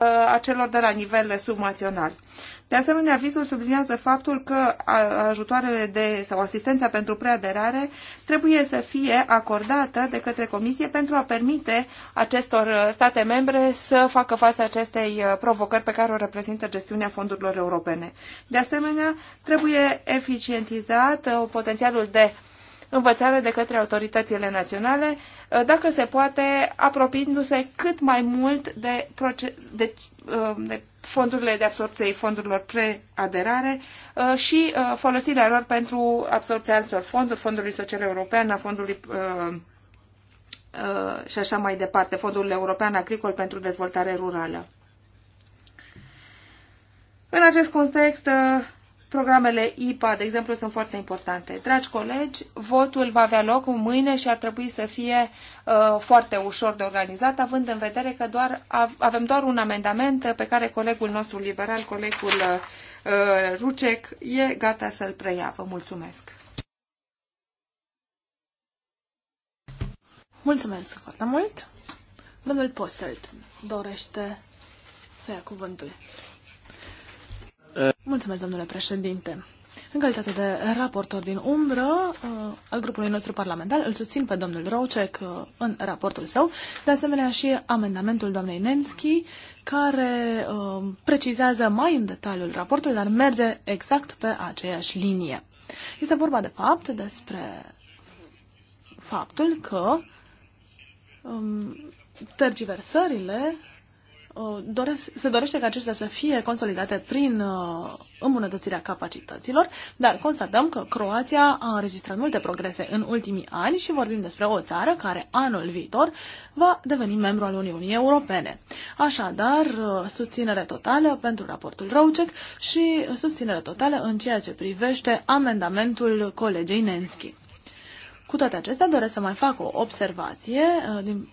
Uh, a celor de la nivel subnațional. De asemenea, avizul subliniază faptul că ajutoarele de, sau asistența pentru preaderare trebuie să fie acordată de către Comisie pentru a permite acestor uh, state membre să facă față acestei uh, provocări pe care o reprezintă gestiunea fondurilor europene. De asemenea, trebuie eficientizat potențialul de învățare de către autoritățile naționale, uh, dacă se poate, apropiindu-se cât mai mult de, proces, de, uh, de fondurile de absorpție fondurilor preaderare uh, și folosirea lor pentru absorpția altor fonduri, Fondului Social European, a Fondului și așa mai departe, Fondul European Agricol pentru Dezvoltare Rurală. În acest context, Programele IPA, de exemplu, sunt foarte importante. Dragi colegi, votul va avea loc mâine și ar trebui să fie uh, foarte ușor de organizat, având în vedere că doar avem doar un amendament pe care colegul nostru liberal, colegul uh, Rucec, e gata să-l preia. Vă mulțumesc! Mulțumesc foarte mult! Domnul Postelt dorește să ia cuvântul. Mulțumesc, domnule președinte. În calitate de raportor din umbră uh, al grupului nostru parlamentar, îl susțin pe domnul Rocek uh, în raportul său, de asemenea și amendamentul doamnei Nenski, care uh, precizează mai în detaliu raportul, dar merge exact pe aceeași linie. Este vorba de fapt despre faptul că um, tergiversările Uh, doresc, se dorește ca acestea să fie consolidate prin uh, îmbunătățirea capacităților, dar constatăm că Croația a înregistrat multe progrese în ultimii ani și vorbim despre o țară care anul viitor va deveni membru al Uniunii Europene. Așadar, uh, susținere totală pentru raportul Roucek și susținere totală în ceea ce privește amendamentul colegei Nenski. Cu toate acestea, doresc să mai fac o observație din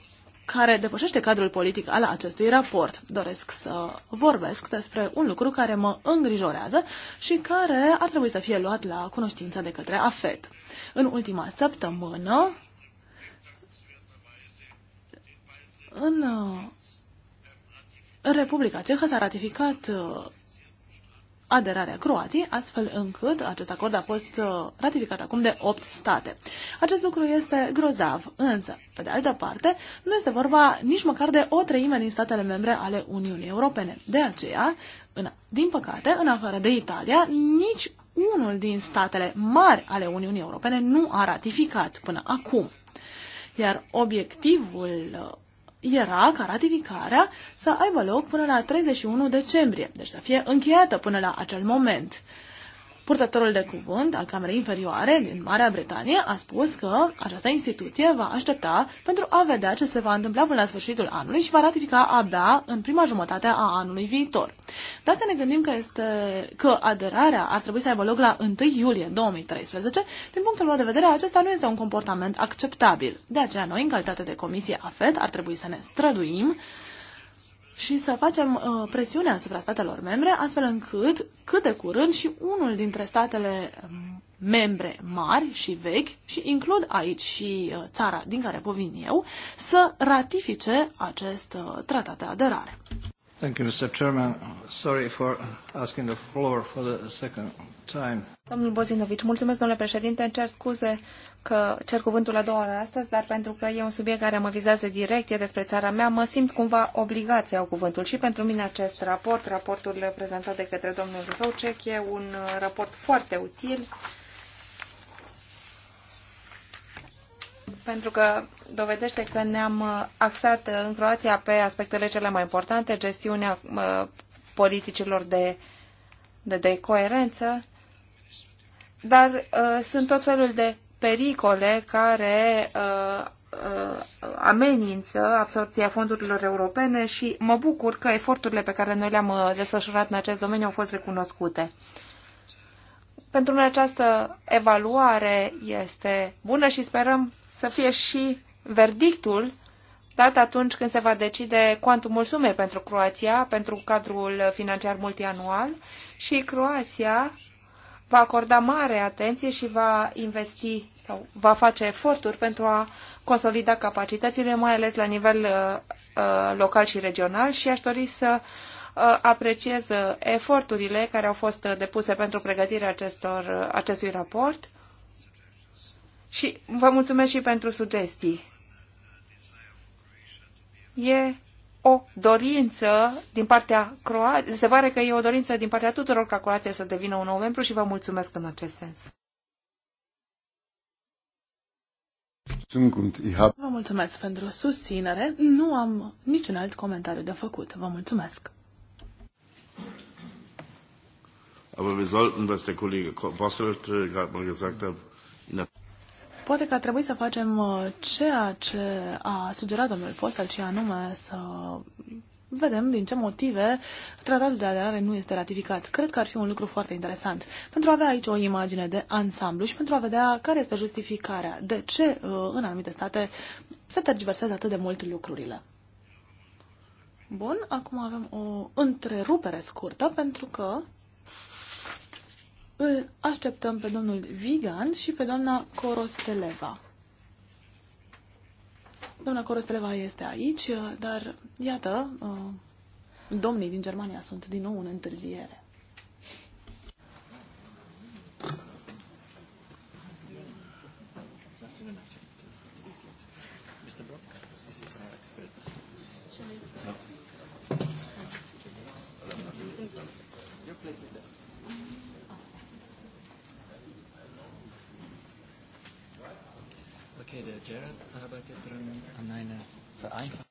care depășește cadrul politic al acestui raport. Doresc să vorbesc despre un lucru care mă îngrijorează și care ar trebui să fie luat la cunoștință de către AFET. În ultima săptămână, în uh, Republica Cehă s-a ratificat uh, aderarea Croației, astfel încât acest acord a fost uh, ratificat acum de 8 state. Acest lucru este grozav, însă, pe de altă parte, nu este vorba nici măcar de o treime din statele membre ale Uniunii Europene. De aceea, în, din păcate, în afară de Italia, nici unul din statele mari ale Uniunii Europene nu a ratificat până acum. Iar obiectivul uh, era ca ratificarea să aibă loc până la 31 decembrie, deci să fie încheiată până la acel moment purtătorul de cuvânt al Camerei Inferioare din Marea Bretanie a spus că această instituție va aștepta pentru a vedea ce se va întâmpla până la sfârșitul anului și va ratifica abia în prima jumătate a anului viitor. Dacă ne gândim că, este, că aderarea ar trebui să aibă loc la 1 iulie 2013, din punctul meu de vedere, acesta nu este un comportament acceptabil. De aceea, noi, în calitate de Comisie AFET, ar trebui să ne străduim și să facem uh, presiune asupra statelor membre, astfel încât, cât de curând, și unul dintre statele um, membre mari și vechi, și includ aici și uh, țara din care povin eu, să ratifice acest uh, tratat de aderare. Thank you, Mr. Chairman. Sorry for asking the floor for the second time. Domnul Bozinovici, mulțumesc, domnule președinte. încerc scuze că cer cuvântul la două ore astăzi, dar pentru că e un subiect care mă vizează direct, e despre țara mea, mă simt cumva obligat să iau cuvântul. Și pentru mine acest raport, raportul prezentat de către domnul Rocek, e un raport foarte util pentru că dovedește că ne-am axat în Croația pe aspectele cele mai importante, gestiunea politicilor de, de, de coerență, dar uh, sunt tot felul de pericole care uh, uh, amenință absorpția fondurilor europene și mă bucur că eforturile pe care noi le-am uh, desfășurat în acest domeniu au fost recunoscute. Pentru noi această evaluare este bună și sperăm să fie și verdictul dat atunci când se va decide cuantumul sumei pentru Croația, pentru cadrul financiar multianual și Croația va acorda mare atenție și va investi sau va face eforturi pentru a consolida capacitățile, mai ales la nivel uh, uh local și regional și aș dori să uh, apreciez uh, eforturile care au fost uh, depuse pentru pregătirea acestor, acestui raport și vă mulțumesc și pentru sugestii. E o dorință din partea Croației, se pare că e o dorință din partea tuturor ca Croația să devină un nou membru și vă mulțumesc în acest sens. Vă mulțumesc pentru susținere. Nu am niciun alt comentariu de făcut. Vă mulțumesc. Aber wir sollten, was der Kollege Bosselt gerade mal gesagt hat, in der Poate că ar trebui să facem uh, ceea ce a sugerat domnul al și anume să vedem din ce motive tratatul de aderare nu este ratificat. Cred că ar fi un lucru foarte interesant pentru a avea aici o imagine de ansamblu și pentru a vedea care este justificarea, de ce uh, în anumite state se tergiversează atât de mult lucrurile. Bun, acum avem o întrerupere scurtă pentru că îl așteptăm pe domnul Vigan și pe doamna Corosteleva. Doamna Corosteleva este aici, dar iată, uh, domnii din Germania sunt din nou în întârziere. vereinfachen.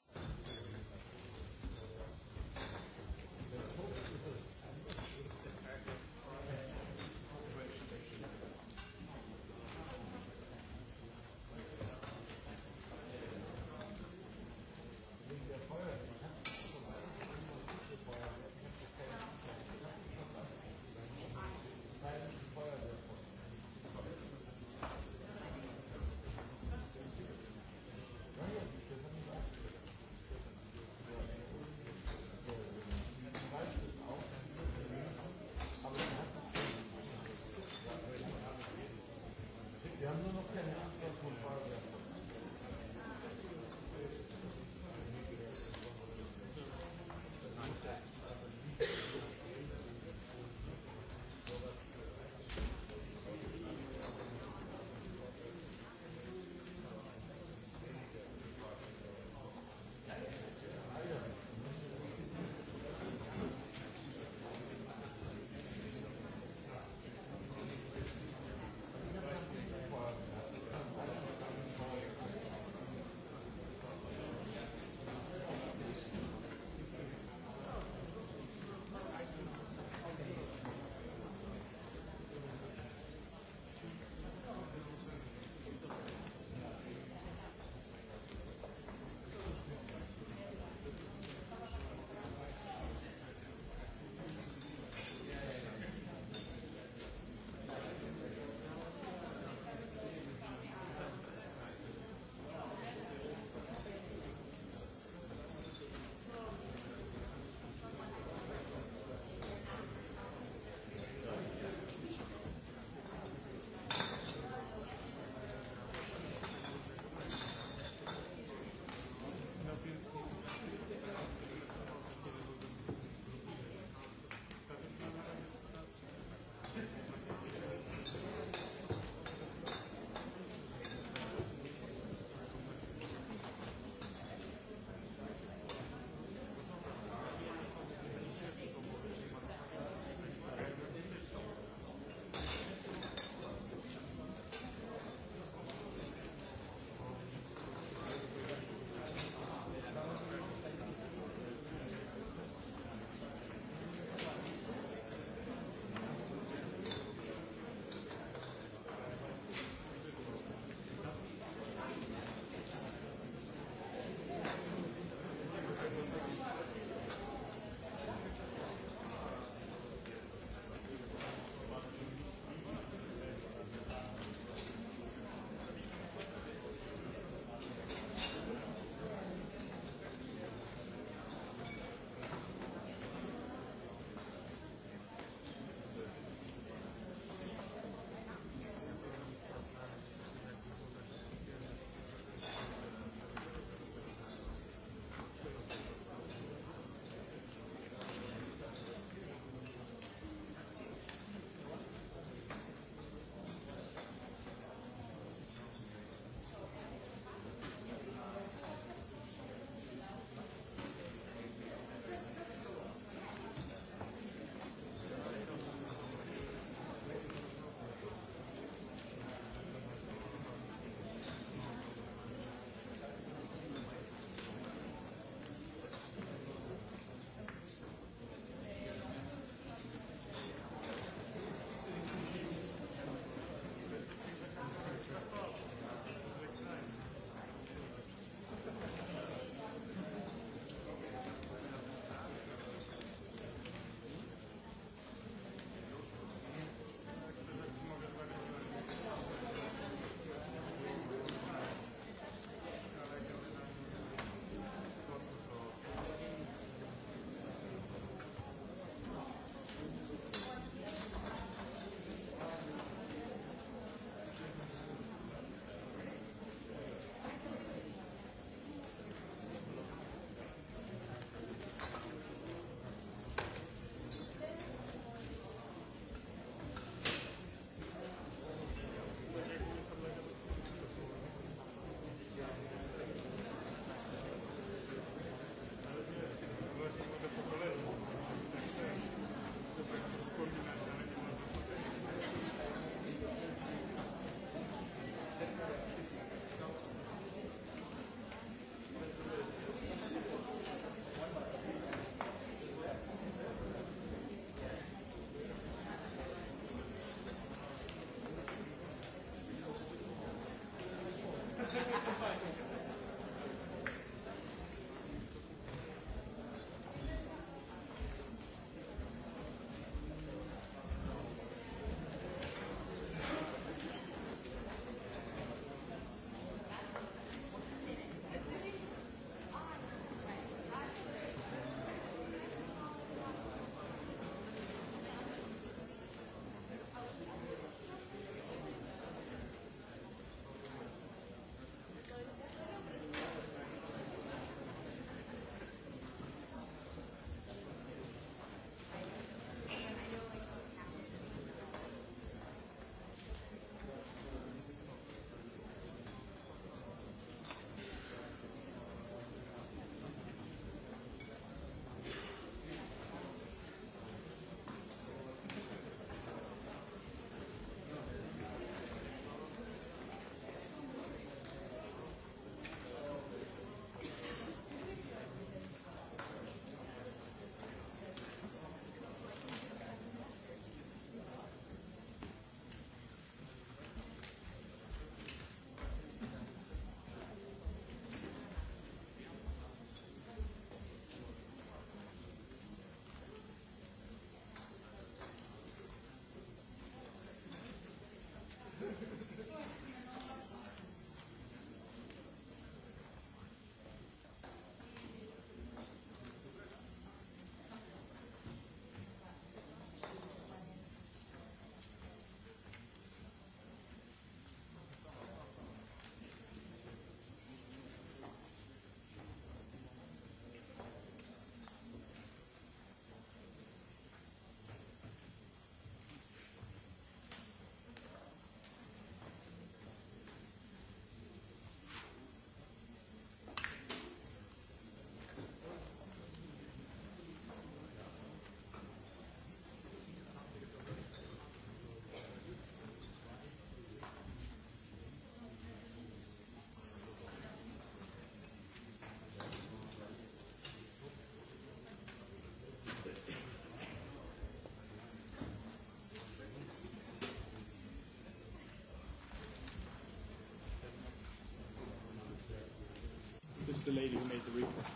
is the lady who made the report.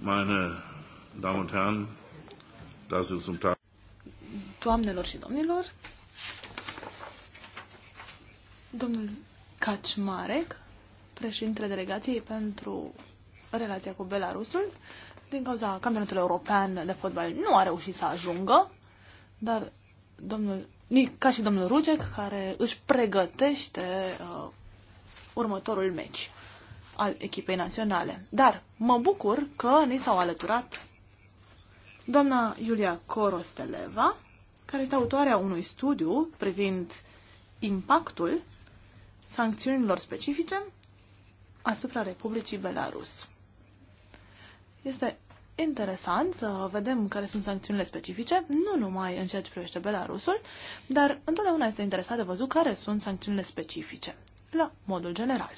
Meine Damen und Herren, das ist zum Tag. Doamnelor și domnilor, domnul Kaczmarek, președintele delegației pentru relația cu Belarusul, din cauza campionatului european de fotbal nu a reușit să ajungă, dar domnul ca și domnul Rugec, care își pregătește uh, următorul meci al echipei naționale. Dar mă bucur că ni s-au alăturat doamna Iulia Corosteleva, care este autoarea unui studiu privind impactul sancțiunilor specifice asupra Republicii Belarus. Este interesant să vedem care sunt sancțiunile specifice, nu numai în ceea ce privește Belarusul, dar întotdeauna este interesat de văzut care sunt sancțiunile specifice, la modul general.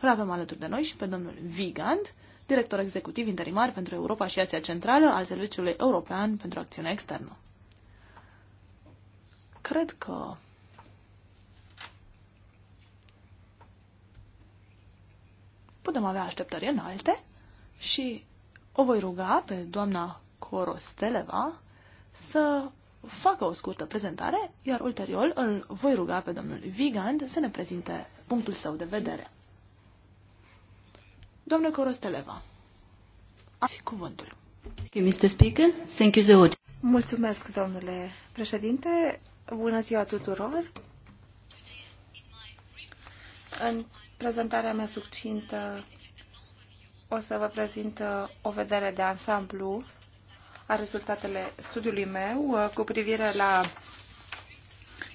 Îl avem alături de noi și pe domnul Vigand, director executiv interimar pentru Europa și Asia Centrală al Serviciului European pentru Acțiune Externă. Cred că putem avea așteptări înalte și o voi ruga pe doamna Corosteleva să facă o scurtă prezentare, iar ulterior îl voi ruga pe domnul Vigand să ne prezinte punctul său de vedere. Doamna Corosteleva, ați cuvântul. Mr. Speaker, thank you so Mulțumesc, domnule președinte. Bună ziua tuturor. În prezentarea mea succintă o să vă prezint uh, o vedere de ansamblu a rezultatele studiului meu uh, cu privire la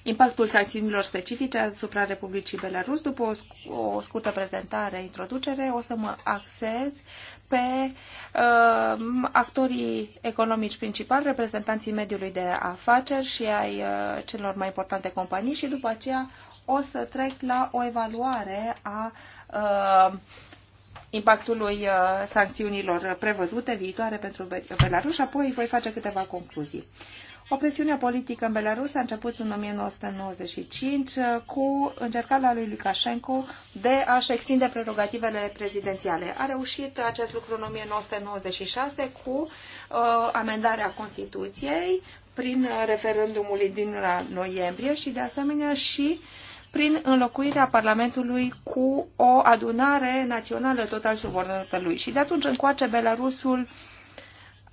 impactul sancțiunilor specifice asupra Republicii Belarus. După o, scurtă prezentare, introducere, o să mă axez pe uh, actorii economici principali, reprezentanții mediului de afaceri și ai uh, celor mai importante companii și după aceea o să trec la o evaluare a uh, impactului uh, sancțiunilor prevăzute viitoare pentru Belarus și apoi voi face câteva concluzii. O presiune politică în Belarus a început în 1995 uh, cu încercarea lui Lukashenko de a-și extinde prerogativele prezidențiale. A reușit acest lucru în 1996 cu uh, amendarea Constituției prin referendumul din noiembrie și de asemenea și uh, prin înlocuirea Parlamentului cu o adunare națională total subordonată lui. Și de atunci încoace Belarusul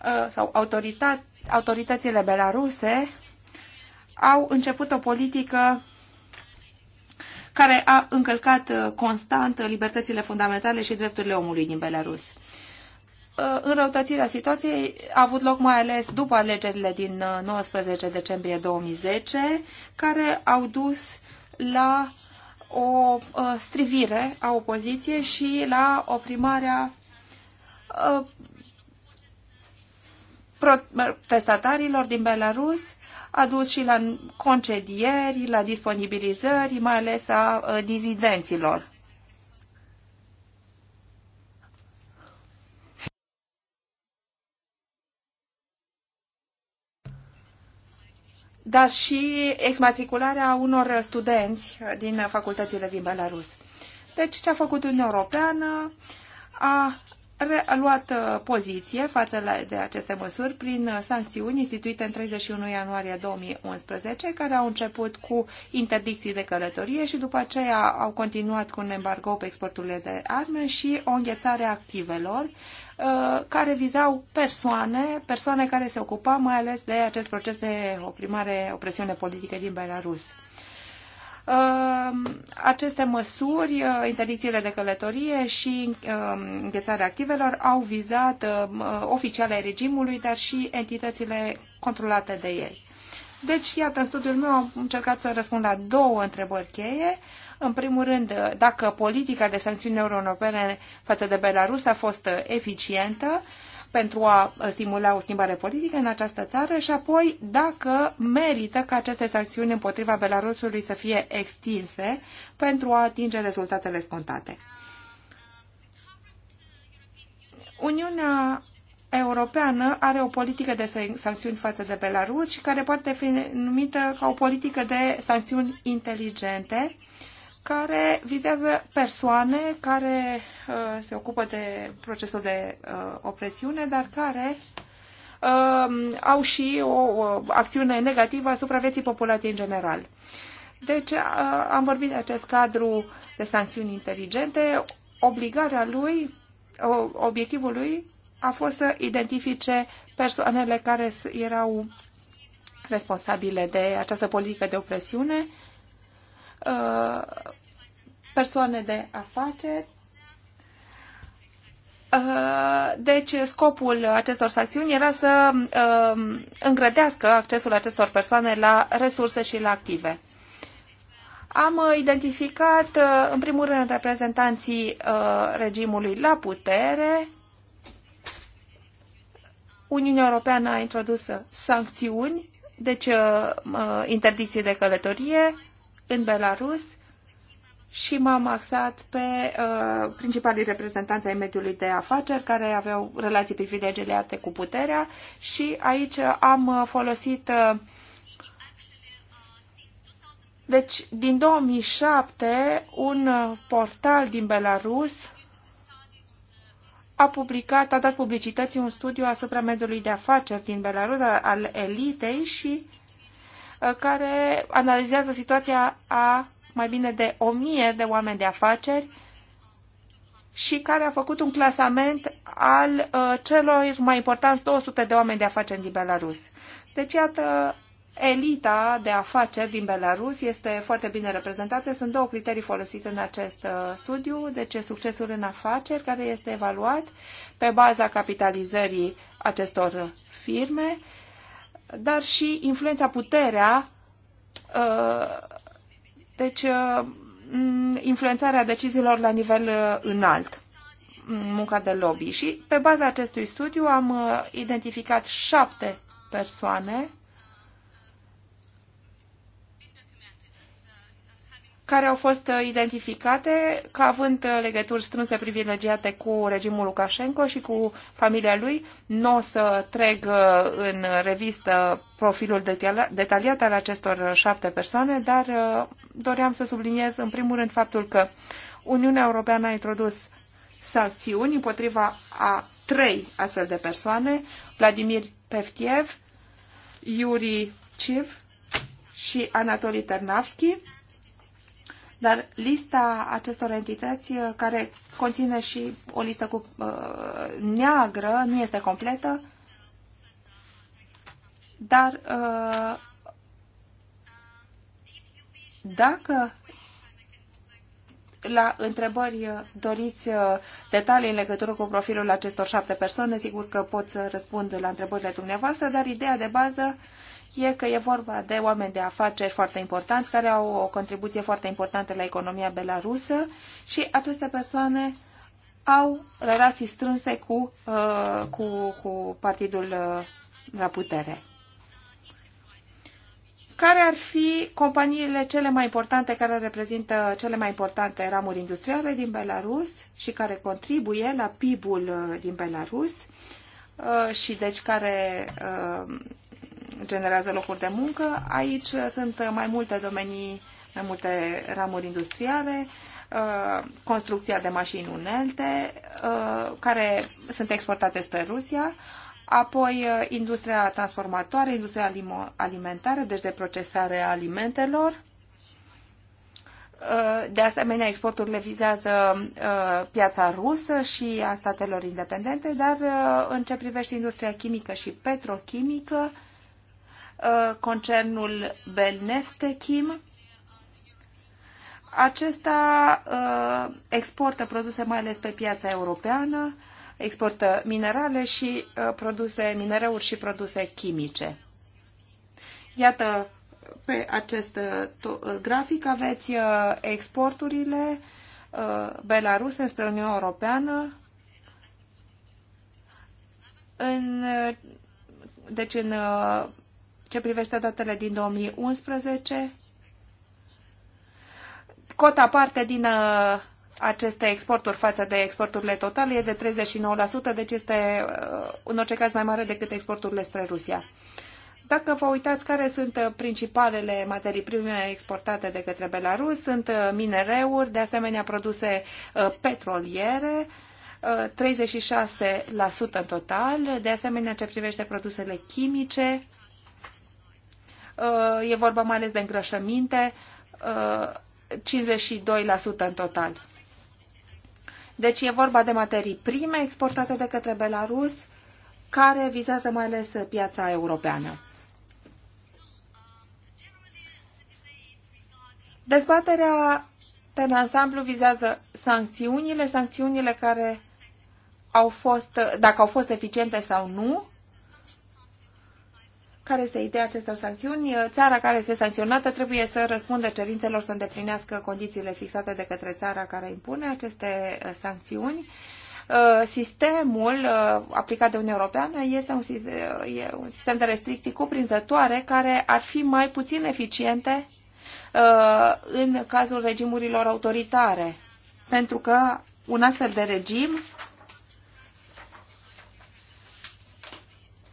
uh, sau autorita- autoritățile belaruse au început o politică care a încălcat uh, constant libertățile fundamentale și drepturile omului din Belarus. Uh, înrăutățirea situației a avut loc mai ales după alegerile din 19 decembrie 2010, care au dus la o uh, strivire a opoziției și la oprimarea uh, protestatarilor din Belarus, a dus și la concedieri, la disponibilizări, mai ales a uh, dizidenților. dar și exmatricularea unor studenți din facultățile din Belarus. Deci ce a făcut Uniunea Europeană? A a luat uh, poziție față de aceste măsuri prin uh, sancțiuni instituite în 31 ianuarie 2011, care au început cu interdicții de călătorie și după aceea au continuat cu un embargo pe exporturile de arme și o înghețare a activelor Uh, care vizau persoane, persoane care se ocupau mai ales de acest proces de oprimare, opresiune politică din Belarus uh, aceste măsuri, uh, interdicțiile de călătorie și înghețarea activelor au vizat oficiale ai regimului, dar și entitățile controlate de ei. Deci, iată, în studiul meu am încercat să răspund la două întrebări cheie. În primul rând, dacă politica de sancțiuni europene față de Belarus a fost eficientă, pentru a stimula o schimbare politică în această țară și apoi dacă merită ca aceste sancțiuni împotriva Belarusului să fie extinse pentru a atinge rezultatele scontate. Uniunea Europeană are o politică de sancțiuni față de Belarus și care poate fi numită ca o politică de sancțiuni inteligente care vizează persoane care uh, se ocupă de procesul de uh, opresiune, dar care uh, au și o, uh, acțiune negativă asupra vieții populației în general. Deci uh, am vorbit de acest cadru de sancțiuni inteligente. Obligarea lui, uh, obiectivul lui a fost să identifice persoanele care erau responsabile de această politică de opresiune uh, persoane de afaceri. Uh, deci scopul acestor sancțiuni era să uh, îngrădească accesul acestor persoane la resurse și la active. Am identificat, uh, în primul rând, reprezentanții regimului la putere. Uniunea Europeană a introdus sancțiuni, deci interdicții de călătorie în Belarus și m-am axat pe uh, principalii reprezentanți ai mediului de afaceri care aveau relații privilegiate cu puterea și aici am uh, folosit uh, deci, din 2007, un uh, portal din Belarus a publicat, a dat publicității un studiu asupra mediului de afaceri din Belarus, al elitei și uh, care analizează situația a mai bine de 1000 de oameni de afaceri și care a făcut un clasament al uh, celor mai importanți 200 de oameni de afaceri din Belarus. Deci, iată, elita de afaceri din Belarus este foarte bine reprezentată. Sunt două criterii folosite în acest uh, studiu. Deci, succesul în afaceri, care este evaluat pe baza capitalizării acestor firme, dar și influența, puterea uh, deci, uh, influențarea deciziilor la nivel uh, înalt, munca de lobby. Și pe baza acestui studiu am uh, identificat șapte persoane care au fost uh, identificate ca având uh, legături strânse privilegiate cu regimul Lukashenko și cu familia lui. Nu o să treg uh, în revistă profilul detaliat al acestor șapte persoane, dar doream să subliniez în primul rând faptul că Uniunea Europeană a introdus sancțiuni împotriva a trei astfel de persoane, Vladimir Peftiev, Yuri Civ și Anatoli Ternavski, dar lista acestor entități, uh, care conține și o listă cu uh, neagră, nu este completă, dar uh, dacă la întrebări uh, doriți uh, detalii în legătură cu profilul acestor șapte persoane, sigur că pot să răspund la întrebările dumneavoastră, dar ideea de bază e că e vorba de oameni de afaceri foarte importanți, care au o contribuție foarte importantă la economia belarusă și aceste persoane au relații strânse cu, uh, cu, cu partidul uh, la putere. Care ar fi companiile cele mai importante care reprezintă cele mai importante ramuri industriale din Belarus și care contribuie la PIB-ul uh, din Belarus? Uh, și deci care uh, generează locuri de muncă. Aici sunt mai multe domenii, mai multe ramuri industriale, uh, construcția de mașini unelte, uh, care sunt exportate spre Rusia, apoi uh, industria transformatoare, industria alimentară, deci de procesare a alimentelor, de asemenea, exporturile vizează piața rusă și a statelor independente, dar în ce privește industria chimică și petrochimică, Uh, concernul Belneftechim. Acesta uh, exportă produse mai ales pe piața europeană, exportă minerale și uh, produse minereuri și produse chimice. Iată, pe acest grafic aveți exporturile belaruse spre Uniunea Europeană în, deci în ce privește datele din 2011, cota parte din uh, aceste exporturi față de exporturile totale e de 39%, deci este uh, în orice caz mai mare decât exporturile spre Rusia. Dacă vă uitați care sunt uh, principalele materii prime exportate de către Belarus, sunt minereuri, de asemenea produse petroliere, 36% în total, de asemenea ce privește produsele chimice, Uh, e vorba mai ales de îngrășăminte, 52% uh, în total. Deci e vorba de materii prime exportate de către Belarus, care vizează mai ales piața europeană. Dezbaterea pe ansamblu vizează sancțiunile, sancțiunile care au fost, dacă au fost eficiente sau nu, care este ideea acestor sancțiuni. Țara care este sancționată trebuie să răspundă cerințelor să îndeplinească condițiile fixate de către țara care impune aceste uh, sancțiuni. Uh, sistemul uh, aplicat de Uniunea Europeană este un, un sistem de restricții cuprinzătoare care ar fi mai puțin eficiente în cazul regimurilor autoritare, pentru că un astfel de regim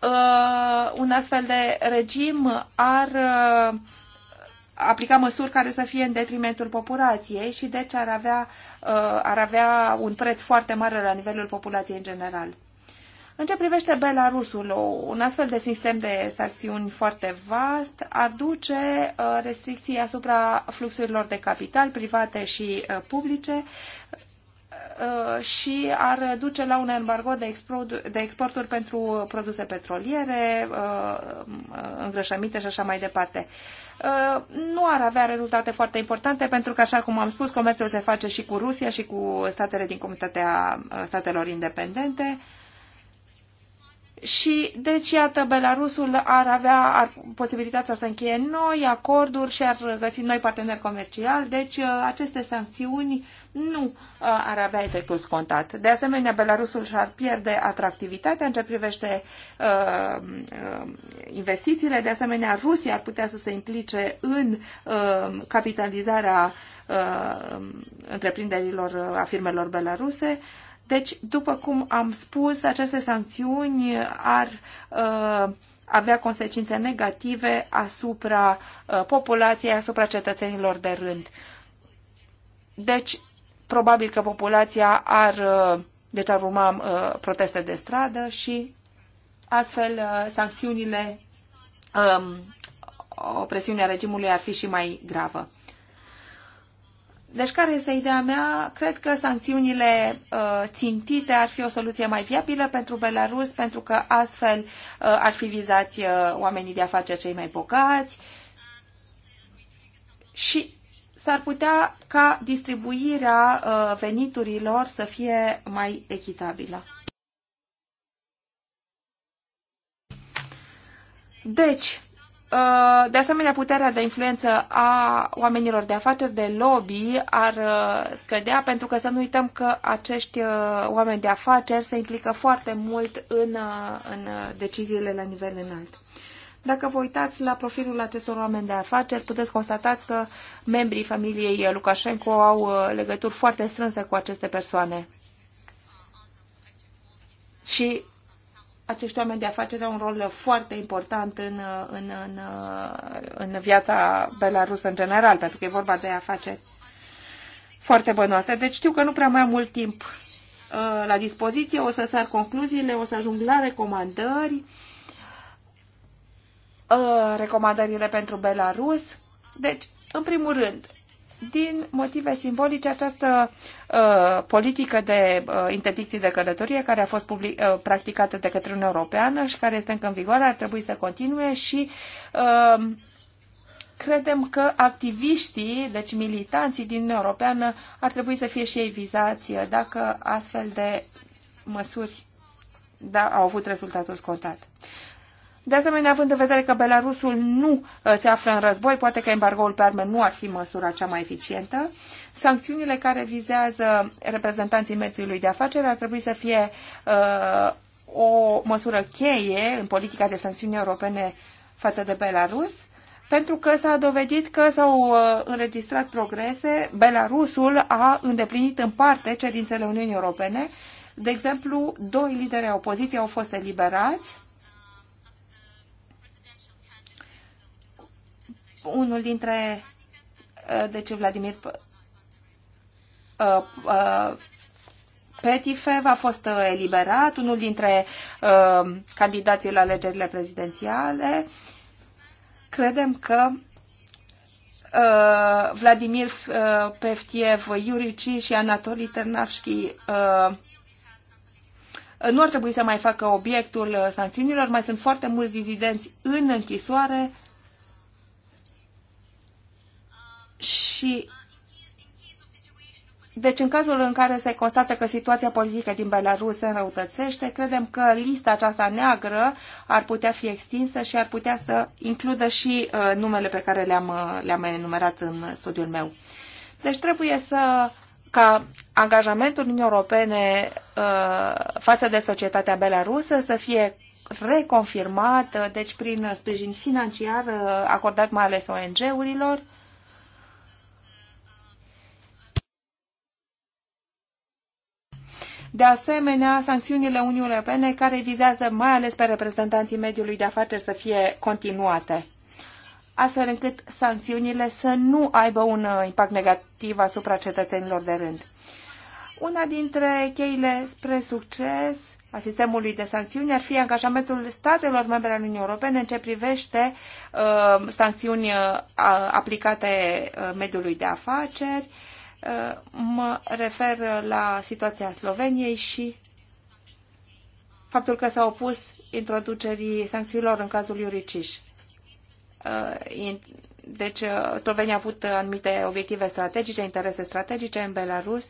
Uh, un astfel de regim ar uh, aplica măsuri care să fie în detrimentul populației și deci ar avea, uh, ar avea un preț foarte mare la nivelul populației în general. În ce privește Belarusul, un astfel de sistem de sancțiuni foarte vast ar duce restricții asupra fluxurilor de capital private și publice, Uh, și ar duce la un embargo de, export, de exporturi pentru produse petroliere, uh, îngrășăminte și așa mai departe. Uh, nu ar avea rezultate foarte importante pentru că, așa cum am spus, comerțul se face și cu Rusia și cu statele din comunitatea statelor independente. Și deci, iată, Belarusul ar avea ar, posibilitatea să încheie noi acorduri și ar găsi noi parteneri comerciali. Deci, aceste sancțiuni nu uh, ar avea efectul scontat. De asemenea, Belarusul și-ar pierde atractivitatea în ce privește uh, uh, investițiile. De asemenea, Rusia ar putea să se implice în capitalizarea întreprinderilor, a firmelor belaruse. Deci, după cum am spus, aceste sancțiuni ar uh, avea consecințe negative asupra uh, populației, asupra cetățenilor de rând. Deci, probabil că populația ar, uh, deci ar urma uh, proteste de stradă și astfel uh, sancțiunile, um, opresiunea regimului ar fi și mai gravă. Deci care este ideea mea? Cred că sancțiunile uh, țintite ar fi o soluție mai viabilă pentru Belarus, pentru că astfel uh, ar fi vizați uh, oamenii de afaceri cei mai bogați și s-ar putea ca distribuirea uh, veniturilor să fie mai echitabilă. Deci, uh, de asemenea, puterea de influență a oamenilor de afaceri, de lobby, ar uh, scădea, pentru că să nu uităm că acești oameni de afaceri se implică foarte mult în, în deciziile la nivel înalt. Dacă vă uitați la profilul acestor oameni de afaceri, puteți constatați că membrii familiei Lukashenko au uh, legături foarte strânse cu aceste persoane. Și acești oameni de afaceri au un rol foarte important în, uh, în, în, uh, în viața belarusă în general, pentru că e vorba de afaceri foarte bănoase. Deci știu că nu prea mai am mult timp la dispoziție, o să sar concluziile, o să ajung la recomandări Uh, recomandările pentru Belarus. Deci, în primul rând, din motive simbolice, această uh, politică de uh, interdicții de călătorie care a fost public, uh, practicată de către Uniunea Europeană și care este încă în vigoare ar trebui să continue și uh, credem că activiștii, deci militanții din Uniunea Europeană ar trebui să fie și ei vizați uh, dacă astfel de măsuri da, au avut rezultatul scontat. De asemenea, având în vedere că Belarusul nu uh, se află în război, poate că embargoul pe arme nu ar fi măsura cea mai eficientă. Sancțiunile care vizează reprezentanții mediului de afaceri ar trebui să fie uh, o măsură cheie în politica de sancțiuni europene față de Belarus, pentru că s-a dovedit că s-au uh, înregistrat progrese. Belarusul a îndeplinit în parte cerințele Uniunii Europene. De exemplu, doi lideri opoziției au fost eliberați unul dintre deci Vladimir uh, uh, Petifev a fost eliberat, unul dintre candidații la alegerile prezidențiale. Credem că Vladimir Peftiev, Iurici și Anatolii Ternavski nu ar trebui să mai facă obiectul sancțiunilor. Mai sunt foarte mulți dizidenți în închisoare Și deci, în cazul în care se constată că situația politică din Belarus se înrăutățește, credem că lista aceasta neagră ar putea fi extinsă și ar putea să includă și uh, numele pe care le-am, uh, le enumerat în studiul meu. Deci trebuie să ca angajamentul Uniunii Europene uh, față de societatea belarusă să fie reconfirmat, uh, deci prin sprijin financiar uh, acordat mai ales ONG-urilor, De asemenea, sancțiunile Uniunii Europene care vizează mai ales pe reprezentanții mediului de afaceri să fie continuate astfel încât sancțiunile să nu aibă un uh, impact negativ asupra cetățenilor de rând. Una dintre cheile spre succes a sistemului de sancțiuni ar fi angajamentul statelor membre ale Uniunii Europene în ce privește uh, sancțiuni uh, aplicate uh, mediului de afaceri, mă refer la situația Sloveniei și faptul că s-a opus introducerii sancțiilor în cazul Iuriciș. Uh, deci uh, Slovenia a avut anumite obiective strategice, interese strategice în Belarus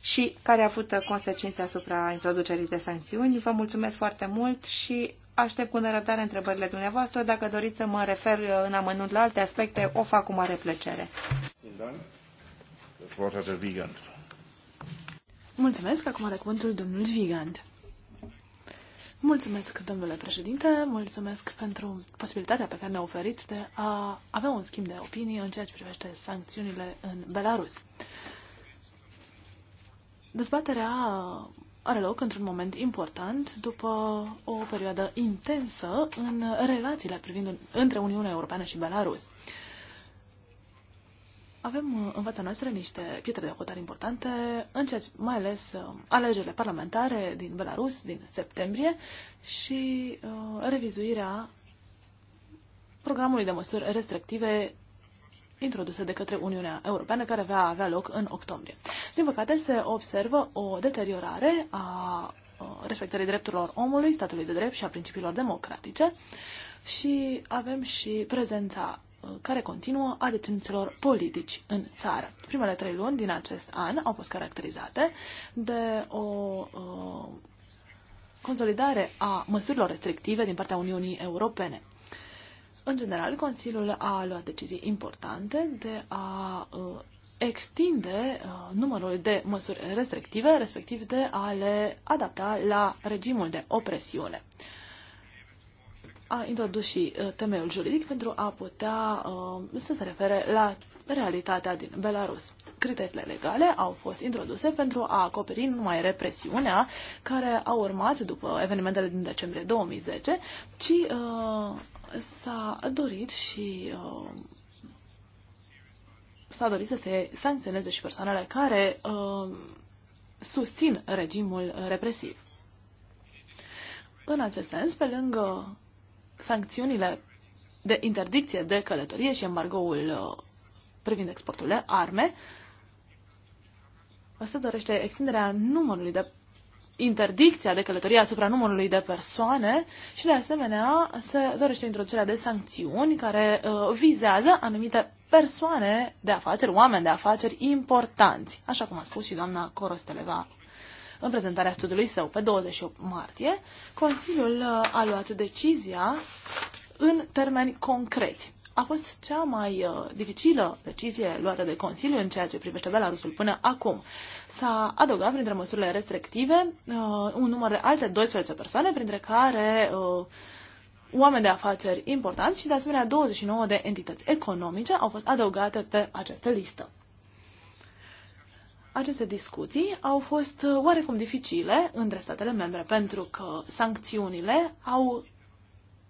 și care a avut consecințe asupra introducerii de sancțiuni. Vă mulțumesc foarte mult și aștept cu nerăbdare întrebările dumneavoastră. Dacă doriți să mă refer uh, în amănunt la alte aspecte, o fac cu mare plăcere. Das Wort Wiegand. Mulțumesc, acum are cuvântul domnul Vigand. Mulțumesc, domnule președinte, mulțumesc pentru posibilitatea pe care ne-a oferit de a avea un schimb de opinii în ceea ce privește sancțiunile în Belarus. Dezbaterea are loc într-un moment important, după o perioadă intensă în relațiile privind între Uniunea Europeană și Belarus avem uh, în fața noastră niște pietre de hotar importante, în ceea ce, mai ales uh, alegerile parlamentare din Belarus din septembrie și uh, revizuirea programului de măsuri restrictive introduse de către Uniunea Europeană, care va avea loc în octombrie. Din păcate, se observă o deteriorare a uh, respectării drepturilor omului, statului de drept și a principiilor democratice și avem și prezența care continuă a deținuților politici în țară. Primele trei luni din acest an au fost caracterizate de o uh, consolidare a măsurilor restrictive din partea Uniunii Europene. În general, Consiliul a luat decizii importante de a uh, extinde uh, numărul de măsuri restrictive, respectiv de a le adapta la regimul de opresiune. Uh, a introdus și uh, temeiul juridic pentru a putea uh, să se refere la realitatea din Belarus. Criteriile legale au fost introduse pentru a acoperi numai represiunea care a urmat după evenimentele din decembrie 2010, ci uh, s-a dorit și uh, s-a dorit să se sancționeze și persoanele care uh, susțin regimul represiv. În acest sens, pe lângă sancțiunile de interdicție de călătorie și embargoul uh, privind exportul de arme, Asta dorește extinderea numărului de interdicția de călătorie asupra numărului de persoane și, de asemenea, se dorește introducerea de sancțiuni care uh, vizează anumite persoane de afaceri, oameni de afaceri importanți, așa cum a spus și doamna Corosteleva în prezentarea studiului său pe 28 martie, Consiliul uh, a luat decizia în termeni concreți. A fost cea mai uh, dificilă decizie luată de Consiliu în ceea ce privește Belarusul până acum. S-a adăugat printre măsurile restrictive uh, un număr de alte 12 persoane, printre care oameni de afaceri importanți și de asemenea 29 de entități economice au fost adăugate pe această listă aceste discuții au fost uh, oarecum dificile între statele membre, pentru că sancțiunile au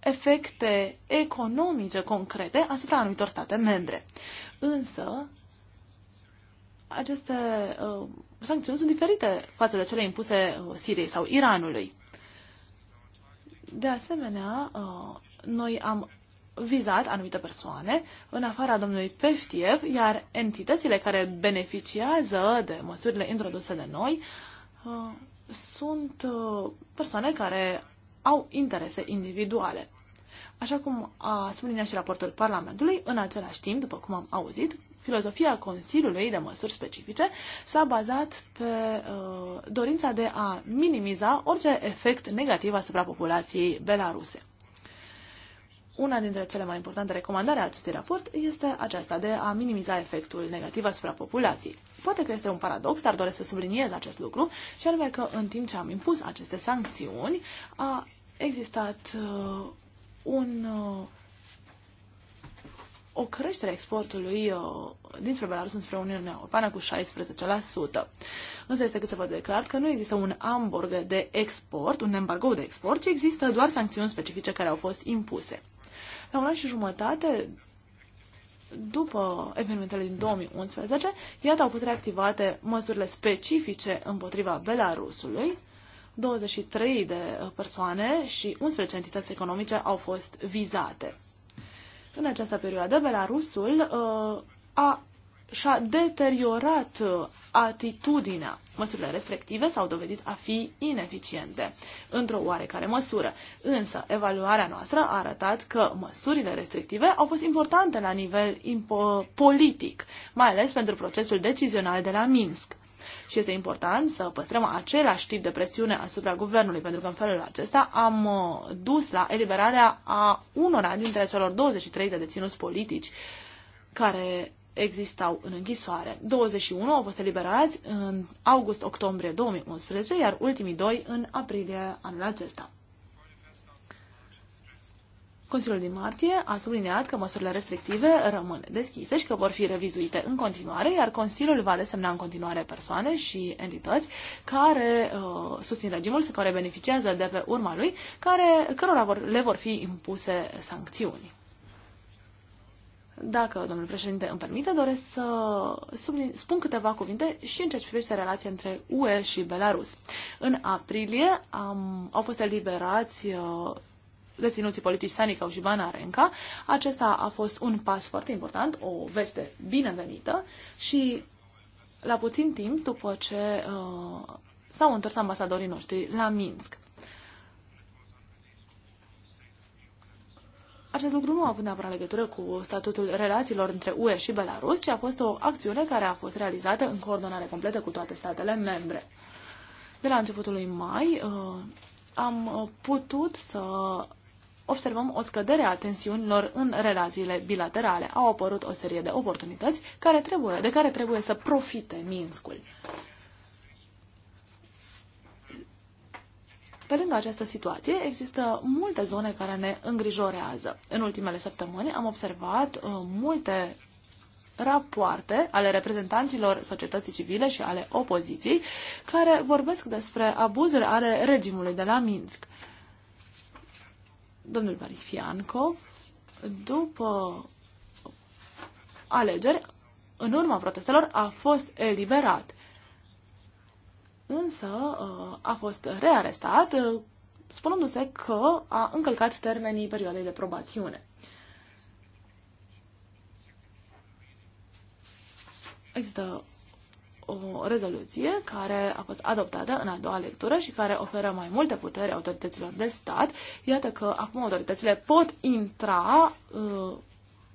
efecte economice concrete asupra anumitor state membre. Însă, aceste uh, sancțiuni sunt diferite față de cele impuse uh, Siriei sau Iranului. De asemenea, uh, noi am vizat anumite persoane, în afara domnului Peftiev, iar entitățile care beneficiază de măsurile introduse de noi uh, sunt uh, persoane care au interese individuale. Așa cum a subliniat și raportul Parlamentului, în același timp, după cum am auzit, filozofia Consiliului de măsuri specifice s-a bazat pe uh, dorința de a minimiza orice efect negativ asupra populației belaruse una dintre cele mai importante recomandări a acestui raport este aceasta de a minimiza efectul negativ asupra populației. Poate că este un paradox, dar doresc să subliniez acest lucru, și anume că în timp ce am impus aceste sancțiuni, a existat uh, un, uh, o creștere a exportului uh, dinspre Belarus înspre Uniunea Europeană cu 16%. Însă este cât se poate declara că nu există un amborg de export, un embargo de export, ci există doar sancțiuni specifice care au fost impuse. La un an și jumătate după evenimentele din 2011, iată au fost reactivate măsurile specifice împotriva Belarusului. 23 de persoane și 11 entități economice au fost vizate. În această perioadă, Belarusul uh, a, și-a deteriorat uh, atitudinea. Măsurile restrictive s-au dovedit a fi ineficiente, într-o oarecare măsură. Însă, evaluarea noastră a arătat că măsurile restrictive au fost importante la nivel politic, mai ales pentru procesul decizional de la Minsk. Și este important să păstrăm același tip de presiune asupra guvernului, pentru că în felul acesta am uh, dus la eliberarea a unora dintre celor 23 de deținuți politici care existau în închisoare. 21 au fost eliberați în august-octombrie 2011, iar ultimii doi în aprilie anul acesta. Consiliul din martie a subliniat că măsurile restrictive rămân deschise și că vor fi revizuite în continuare, iar Consiliul va desemna în continuare persoane și entități care uh, susțin regimul sau care beneficiază de pe urma lui, care, cărora vor, le vor fi impuse sancțiuni. Dacă domnul președinte îmi permite, doresc să spun câteva cuvinte și în ceea ce privește relația între UE și Belarus. În aprilie am, au fost eliberați uh, deținuții politici Sanicau și Banarenca. Acesta a fost un pas foarte important, o veste binevenită și la puțin timp după ce uh, s-au întors ambasadorii noștri la Minsk. Acest lucru nu a avut neapărat legătură cu statutul relațiilor între UE și Belarus, ci a fost o acțiune care a fost realizată în coordonare completă cu toate statele membre. De la începutul lui mai uh, am putut să observăm o scădere a tensiunilor în relațiile bilaterale. Au apărut o serie de oportunități care trebuie, de care trebuie să profite Minskul. Pe lângă această situație, există multe zone care ne îngrijorează. În ultimele săptămâni am observat uh, multe rapoarte ale reprezentanților societății civile și ale opoziției care vorbesc despre abuzuri ale regimului de la Minsk. Domnul Paris Fianco, după alegeri, în urma protestelor, a fost eliberat însă uh, a fost rearestat, uh, spunându-se că a încălcat termenii perioadei de probațiune. Există o rezoluție care a fost adoptată în a doua lectură și care oferă mai multe puteri autorităților de stat. Iată că acum autoritățile pot intra uh,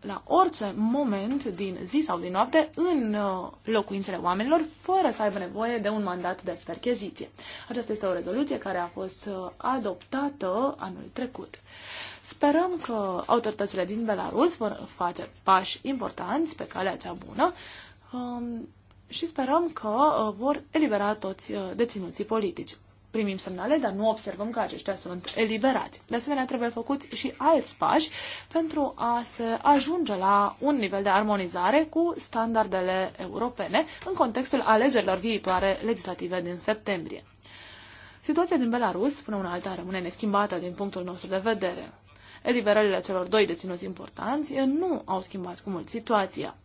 la orice moment din zi sau din noapte în uh, locuințele oamenilor, fără să aibă nevoie de un mandat de percheziție. Aceasta este o rezoluție care a fost uh, adoptată anul trecut. Sperăm că autoritățile din Belarus vor face pași importanți pe calea cea bună um, și sperăm că uh, vor elibera toți deținuții politici primim semnale, dar nu observăm că aceștia sunt eliberați. De asemenea, trebuie făcut și alți pași pentru a se ajunge la un nivel de armonizare cu standardele europene în contextul alegerilor viitoare legislative din septembrie. Situația din Belarus, până una alta, rămâne neschimbată din punctul nostru de vedere. Eliberările celor doi deținuți importanți nu au schimbat cu mult situația.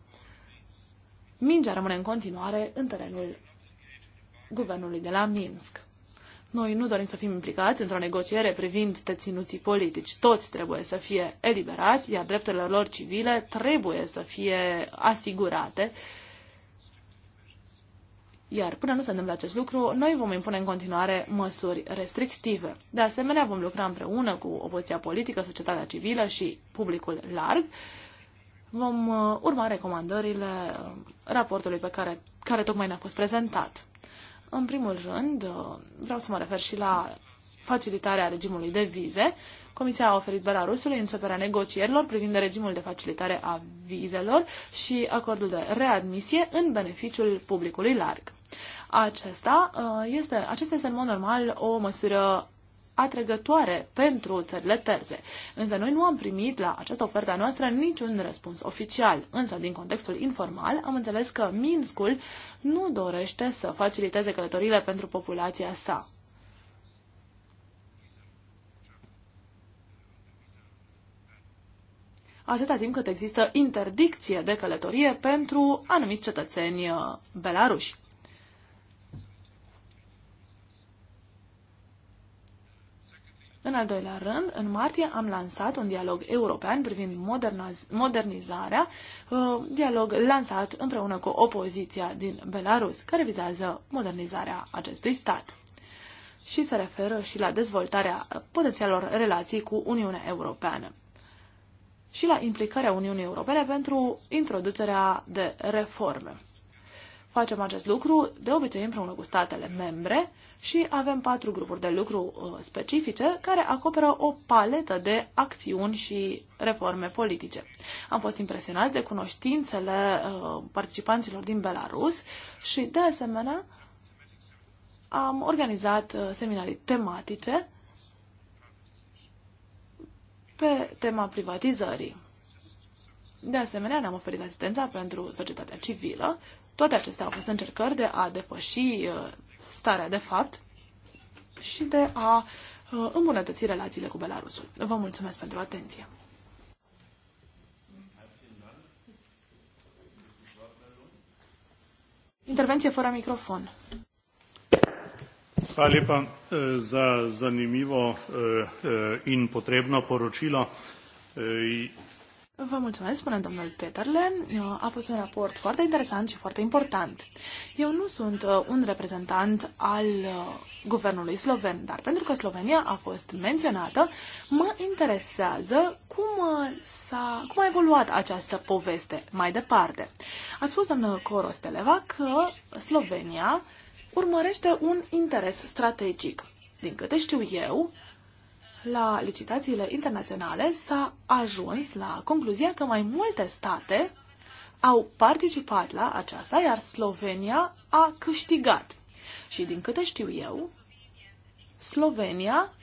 Mingea rămâne în continuare în terenul guvernului de la Minsk. Noi nu dorim să fim implicați într-o negociere privind deținuții politici. Toți trebuie să fie eliberați, iar drepturile lor civile trebuie să fie asigurate. Iar până nu se întâmplă acest lucru, noi vom impune în continuare măsuri restrictive. De asemenea, vom lucra împreună cu opoziția politică, societatea civilă și publicul larg. Vom uh, urma recomandările uh, raportului pe care, care tocmai ne-a fost prezentat. În primul rând, uh, vreau să mă refer și la facilitarea regimului de vize. Comisia a oferit Belarusului începerea negocierilor privind regimul de facilitare a vizelor și acordul de readmisie în beneficiul publicului larg. Acesta uh, este, acesta este în mod normal o măsură atrăgătoare pentru țările terze. Însă noi nu am primit la această ofertă a noastră niciun răspuns oficial. Însă, din contextul informal, am înțeles că Minskul nu dorește să faciliteze călătorile pentru populația sa. atâta timp cât există interdicție de călătorie pentru anumiți cetățeni belaruși. În al doilea rând, în martie am lansat un dialog european privind modernizarea, uh, dialog lansat împreună cu opoziția din Belarus, care vizează modernizarea acestui stat și se referă și la dezvoltarea potențialor relații cu Uniunea Europeană și la implicarea Uniunii Europene pentru introducerea de reforme. Facem acest lucru de obicei împreună cu statele membre și avem patru grupuri de lucru uh, specifice care acoperă o paletă de acțiuni și reforme politice. Am fost impresionați de cunoștințele uh, participanților din Belarus și, de asemenea, am organizat uh, seminarii tematice pe tema privatizării. De asemenea, ne-am oferit asistența pentru societatea civilă toate acestea au fost încercări de a depăși uh, starea de fapt și de a uh, îmbunătăți relațiile cu Belarusul. Vă mulțumesc pentru atenție! Intervenție fără microfon. Hvala lepa eh, za zanimivo eh, eh, in potrebno poročilo. Vă mulțumesc, spune domnul Peterle. A fost un raport foarte interesant și foarte important. Eu nu sunt uh, un reprezentant al uh, guvernului sloven, dar pentru că Slovenia a fost menționată, mă interesează cum, uh, s-a, cum a evoluat această poveste mai departe. Ați spus, doamnă Corosteleva, că Slovenia urmărește un interes strategic. Din câte știu eu, la licitațiile internaționale s-a ajuns la concluzia că mai multe state au participat la aceasta, iar Slovenia a câștigat. Și din câte știu eu, Slovenia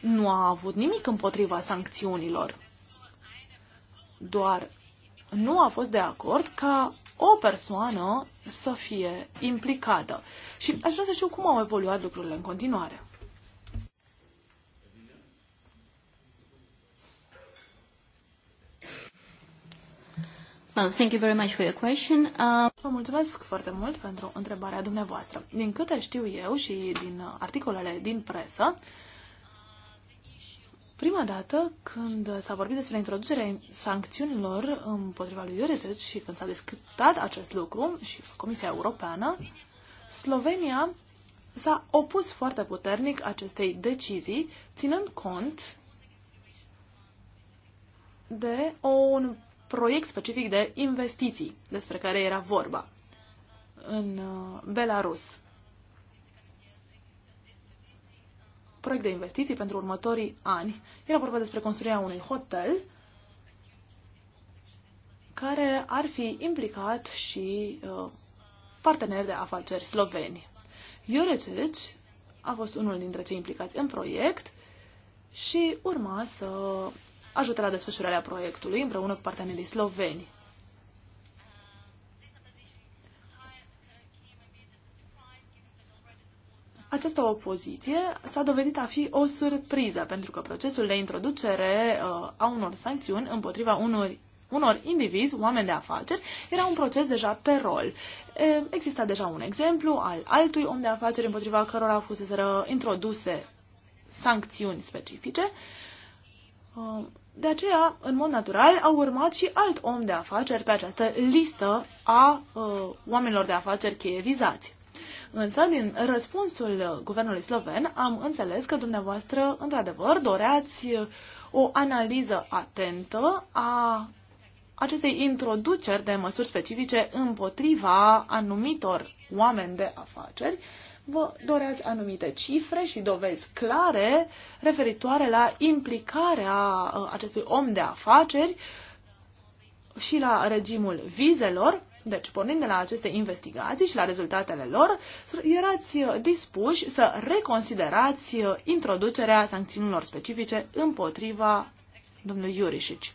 nu a avut nimic împotriva sancțiunilor. Doar nu a fost de acord ca o persoană să fie implicată. Și aș vrea să știu cum au evoluat lucrurile în continuare. Well, thank you very much for your question. Uh... Vă mulțumesc foarte mult pentru întrebarea dumneavoastră. Din câte știu eu și din articolele din presă, prima dată când s-a vorbit despre introducerea sancțiunilor împotriva lui Iurecet și când s-a discutat acest lucru și Comisia Europeană, Slovenia s-a opus foarte puternic acestei decizii, ținând cont de un proiect specific de investiții despre care era vorba în uh, Belarus. Proiect de investiții pentru următorii ani. Era vorba despre construirea unui hotel care ar fi implicat și uh, parteneri de afaceri sloveni. Iorecic a fost unul dintre cei implicați în proiect și urma să ajută la desfășurarea proiectului împreună cu partenerii sloveni. Această opoziție s-a dovedit a fi o surpriză, pentru că procesul de introducere uh, a unor sancțiuni împotriva unor, unor indivizi, oameni de afaceri, era un proces deja pe rol. exista deja un exemplu al altui om de afaceri împotriva cărora fuseseră introduse sancțiuni specifice. Uh, de aceea, în mod natural, au urmat și alt om de afaceri pe această listă a uh, oamenilor de afaceri cheie vizați. Însă, din răspunsul guvernului sloven, am înțeles că dumneavoastră, într-adevăr, doreați uh, o analiză atentă a acestei introduceri de măsuri specifice împotriva anumitor oameni de afaceri vă doreați anumite cifre și dovezi clare referitoare la implicarea uh, acestui om de afaceri și la regimul vizelor. Deci, pornind de la aceste investigații și la rezultatele lor, erați uh, dispuși să reconsiderați uh, introducerea sancțiunilor specifice împotriva domnului Iurișici.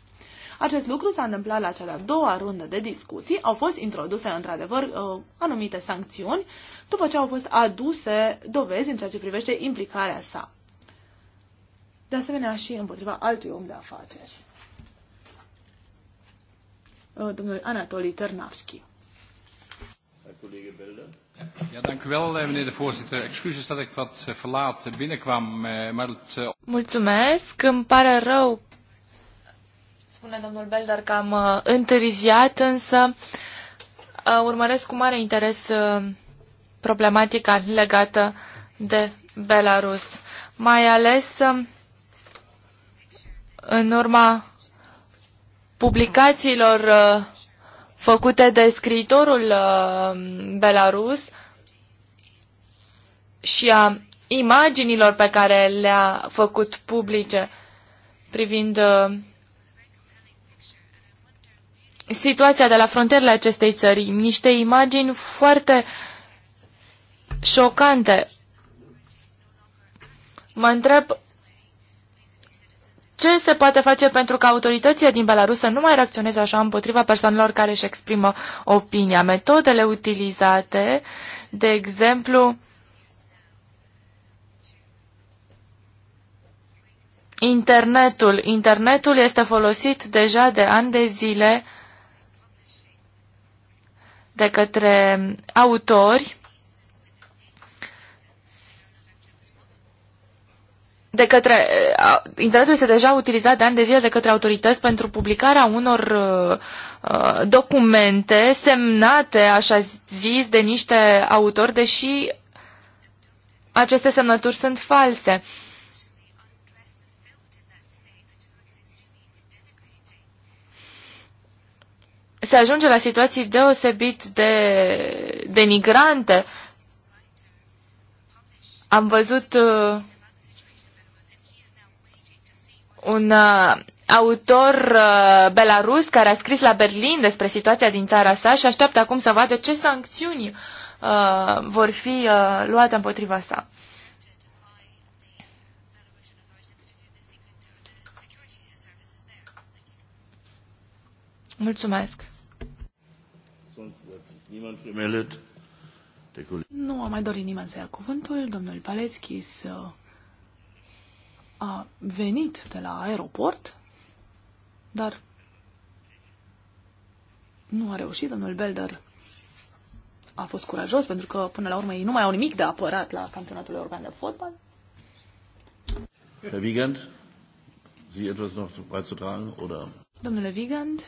Acest lucru s-a întâmplat la cea de-a doua rundă de discuții. Au fost introduse, într-adevăr, uh, anumite sancțiuni după ce au fost aduse dovezi în ceea ce privește implicarea sa. De asemenea, și împotriva altui om de afaceri, uh, domnul Anatoli Ternavski. Ja, dank u wel, eh, meneer de voorzitter. Excuses dat ik wat eh, verlaat eh, binnenkwam, maar het... Mulțumesc. Îmi pare rău spune domnul Belder că am uh, întârziat, însă uh, urmăresc cu mare interes uh, problematica legată de Belarus, mai ales um, în urma publicațiilor făcute de scriitorul belarus și a imaginilor pe care le-a făcut publice privind situația de la frontierele acestei țări, niște imagini foarte șocante. Mă întreb ce se poate face pentru ca autoritățile din Belarus să nu mai reacționeze așa împotriva persoanelor care își exprimă opinia? Metodele utilizate, de exemplu, internetul. Internetul este folosit deja de ani de zile de către autori de către, internetul este deja utilizat de ani de zile de către autorități pentru publicarea unor uh, uh documente semnate, așa zis, de niște autori, deși aceste semnături sunt false. se ajunge la situații deosebit de denigrante. Am văzut uh, un uh, autor uh, belarus care a scris la Berlin despre situația din țara sa și așteaptă acum să vadă ce sancțiuni uh, vor fi uh, luate împotriva sa. Mulțumesc. Nu a mai dorit nimeni să ia cuvântul. Domnul Paleschis uh, a venit de la aeroport, dar nu a reușit. Domnul Belder a fost curajos pentru că până la urmă ei nu mai au nimic de apărat la campionatul european de fotbal. Herr Wiegand, Sie etwas noch beizutragen oder? Domnule Wiegand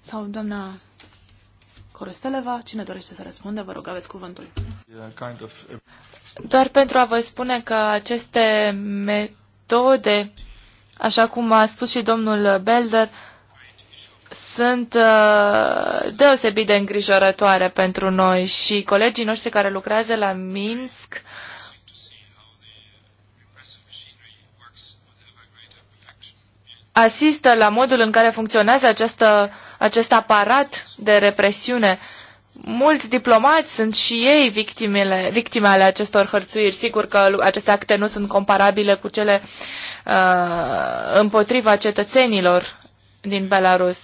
sau doamna Coristeleva, cine dorește să răspundă, vă rog, aveți cuvântul. Doar pentru a vă spune că aceste metode, așa cum a spus și domnul Belder, sunt uh, deosebit de îngrijorătoare pentru noi și colegii noștri care lucrează la Minsk asistă la modul în care funcționează această, acest aparat de represiune. Mulți diplomați sunt și ei victimele, victime ale acestor hărțuiri. Sigur că aceste acte nu sunt comparabile cu cele uh, împotriva cetățenilor din Belarus.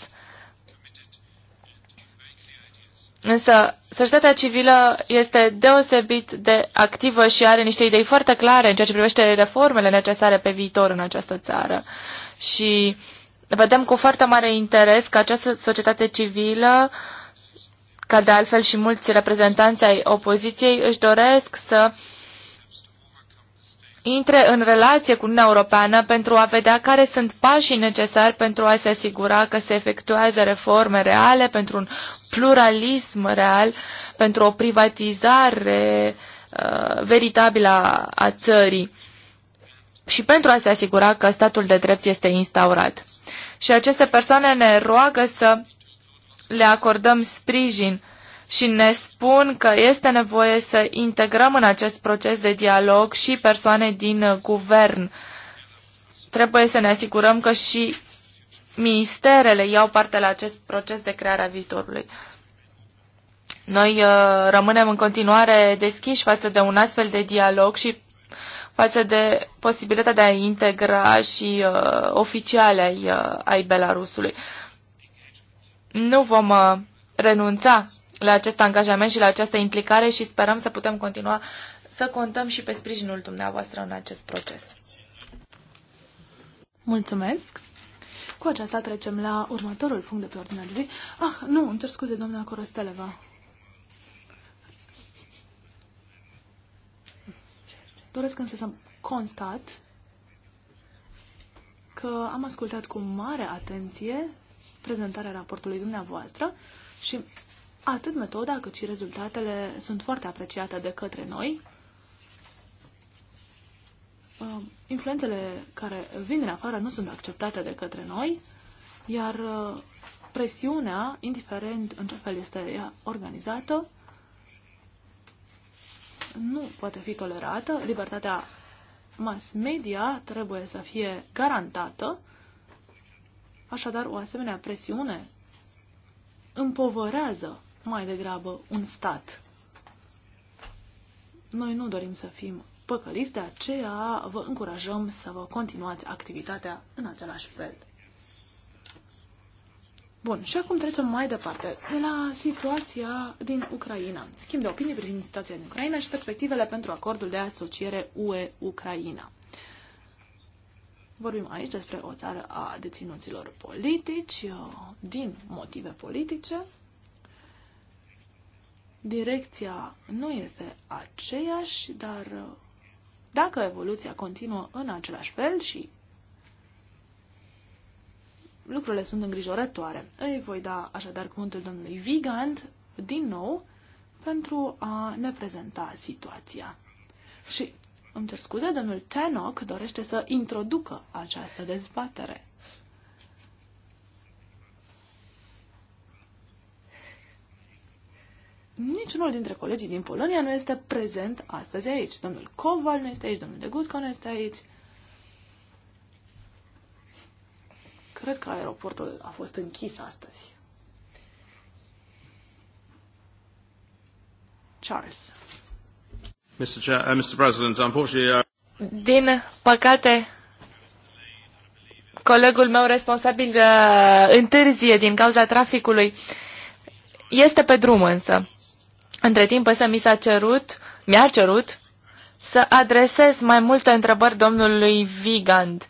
Însă, societatea civilă este deosebit de activă și are niște idei foarte clare în ceea ce privește reformele necesare pe viitor în această țară. Uh, și vedem cu foarte mare interes că această societate civilă, ca de altfel și mulți reprezentanți ai opoziției, își doresc să intre în relație cu Uniunea Europeană pentru a vedea care sunt pașii necesari pentru a se asigura că se efectuează reforme reale, pentru un pluralism real, pentru o privatizare uh, veritabilă a țării și pentru a se asigura că statul de drept este instaurat. Și aceste persoane ne roagă să le acordăm sprijin și ne spun că este nevoie să integrăm în acest proces de dialog și persoane din guvern. Trebuie să ne asigurăm că și ministerele iau parte la acest proces de creare a viitorului. Noi uh, rămânem în continuare deschiși față de un astfel de dialog și față de posibilitatea de a integra și uh, oficiale ai, uh, ai Belarusului. Nu vom uh, renunța la acest angajament și la această implicare și sperăm să putem continua să contăm și pe sprijinul dumneavoastră în acest proces. Mulțumesc! Cu aceasta trecem la următorul punct de pe ordinea de zi. Ah, nu, îmi cer scuze, doamna Corosteleva. Doresc însă să constat că am ascultat cu mare atenție prezentarea raportului dumneavoastră și atât metoda cât și rezultatele sunt foarte apreciate de către noi. Uh, influențele care vin din afară nu sunt acceptate de către noi, iar uh, presiunea, indiferent în ce fel este ea organizată, nu poate fi tolerată, libertatea mass media trebuie să fie garantată, așadar o asemenea presiune împovărează mai degrabă un stat. Noi nu dorim să fim păcăliți, de aceea vă încurajăm să vă continuați activitatea în același fel. Bun, și acum trecem mai departe la situația din Ucraina. Schimb de opinie privind situația din Ucraina și perspectivele pentru acordul de asociere UE-Ucraina. Vorbim aici despre o țară a deținuților politici, uh, din motive politice. Direcția nu este aceeași, dar uh, dacă evoluția continuă în același fel și lucrurile sunt îngrijorătoare. Îi voi da așadar cuvântul domnului Vigand din nou pentru a ne prezenta situația. Și îmi cer scuze, domnul Tenoc dorește să introducă această dezbatere. Niciunul dintre colegii din Polonia nu este prezent astăzi aici. Domnul Koval nu este aici, domnul Degutko nu este aici. Cred că aeroportul a fost închis astăzi. Charles. Mr. Chair, uh, Mr. President, unfortunately, uh... Din păcate, colegul meu responsabil uh, întârzie din cauza traficului. Este pe drum însă. Între timp însă mi s-a cerut, mi-a cerut să adresez mai multe întrebări domnului Vigand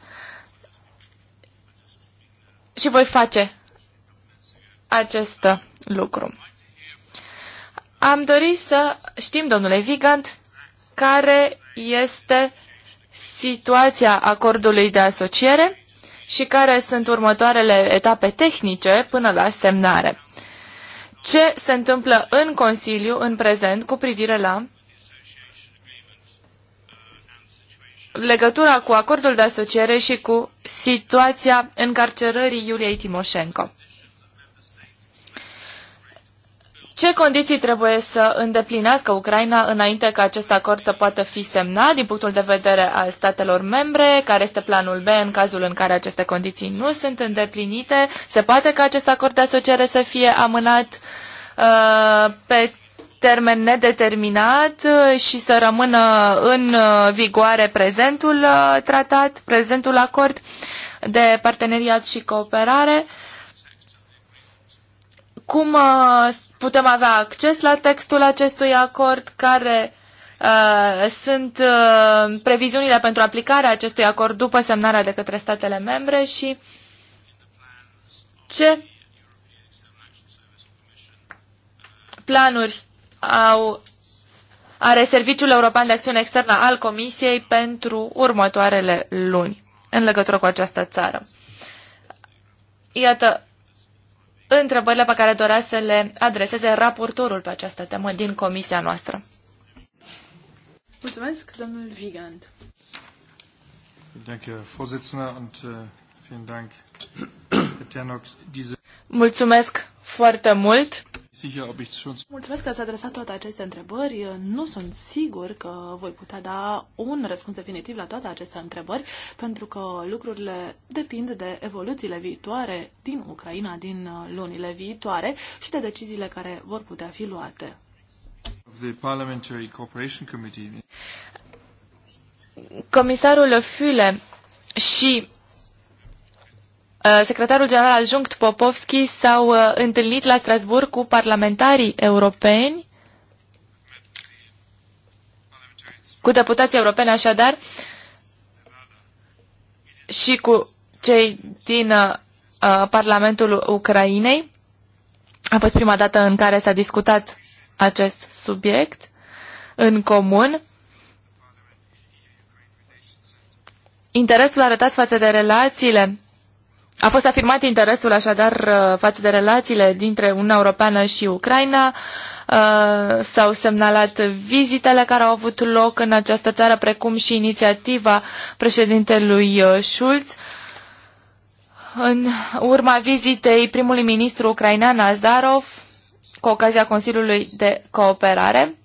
și voi face acest lucru. Am dorit să știm, domnule Vigand, care este situația acordului de asociere și care sunt următoarele etape tehnice până la semnare. Ce se întâmplă în Consiliu în prezent cu privire la legătura cu acordul de asociere și cu situația încarcerării Iuliei Timoșenko. Ce condiții trebuie să îndeplinească Ucraina înainte ca acest acord să poată fi semnat din punctul de vedere al statelor membre? Care este planul B în cazul în care aceste condiții nu sunt îndeplinite? Se poate ca acest acord de asociere să fie amânat uh, pe termen nedeterminat uh, și să rămână în uh, vigoare prezentul uh, tratat, prezentul acord de parteneriat și cooperare. Cum putem avea acces la textul acestui acord? Care sunt previziunile pentru aplicarea acestui acord după semnarea de către statele membre și ce planuri au, are Serviciul European de Acțiune Externă al Comisiei pentru următoarele luni în legătură cu această țară. Iată întrebările pe care dorea să le adreseze raportorul pe această temă din comisia noastră. Mulțumesc, domnul Vigand. Äh, Mulțumesc foarte mult sicher, ob ich schon... Mulțumesc că ați adresat toate aceste întrebări. Nu sunt sigur că voi putea da un răspuns definitiv la toate aceste întrebări, pentru că lucrurile depind de evoluțiile viitoare din Ucraina, din uh, lunile viitoare și de deciziile care vor putea fi luate. The Parliamentary Cooperation Committee. Comisarul Füle și Uh, secretarul general adjunct Popovski s-au uh, întâlnit la Strasburg cu parlamentarii europeni, cu deputații europeni așadar, și cu cei din uh, uh, Parlamentul Ucrainei. A fost prima dată în care s-a discutat acest subiect în comun. Interesul arătat față de relațiile a fost afirmat interesul așadar uh, față de relațiile dintre Uniunea Europeană și Ucraina. Uh, s-au semnalat vizitele care au avut loc în această țară, precum și inițiativa președintelui uh, Schulz. În urma vizitei primului ministru ucrainean Azdarov, cu ocazia Consiliului de Cooperare,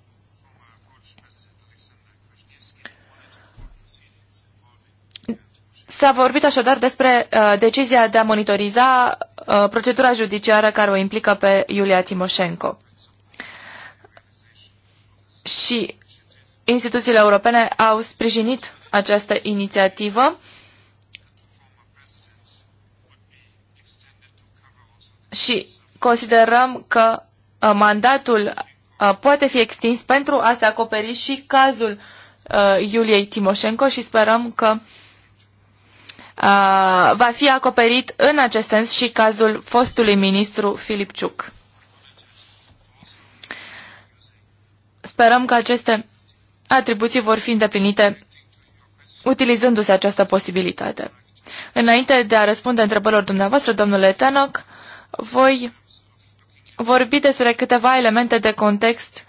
S-a vorbit așadar despre uh, decizia de a monitoriza uh, procedura judiciară care o implică pe Iulia Timoșenco. Și instituțiile europene au sprijinit această inițiativă și considerăm că uh, mandatul uh, poate fi extins pentru a se acoperi și cazul uh, Iuliei Timoșenco și sperăm că uh, Uh, va fi acoperit în acest sens și cazul fostului ministru Ciuc. Sperăm că aceste atribuții vor fi îndeplinite utilizându-se această posibilitate. Înainte de a răspunde întrebărilor dumneavoastră, domnule Tenoc, voi vorbi despre câteva elemente de context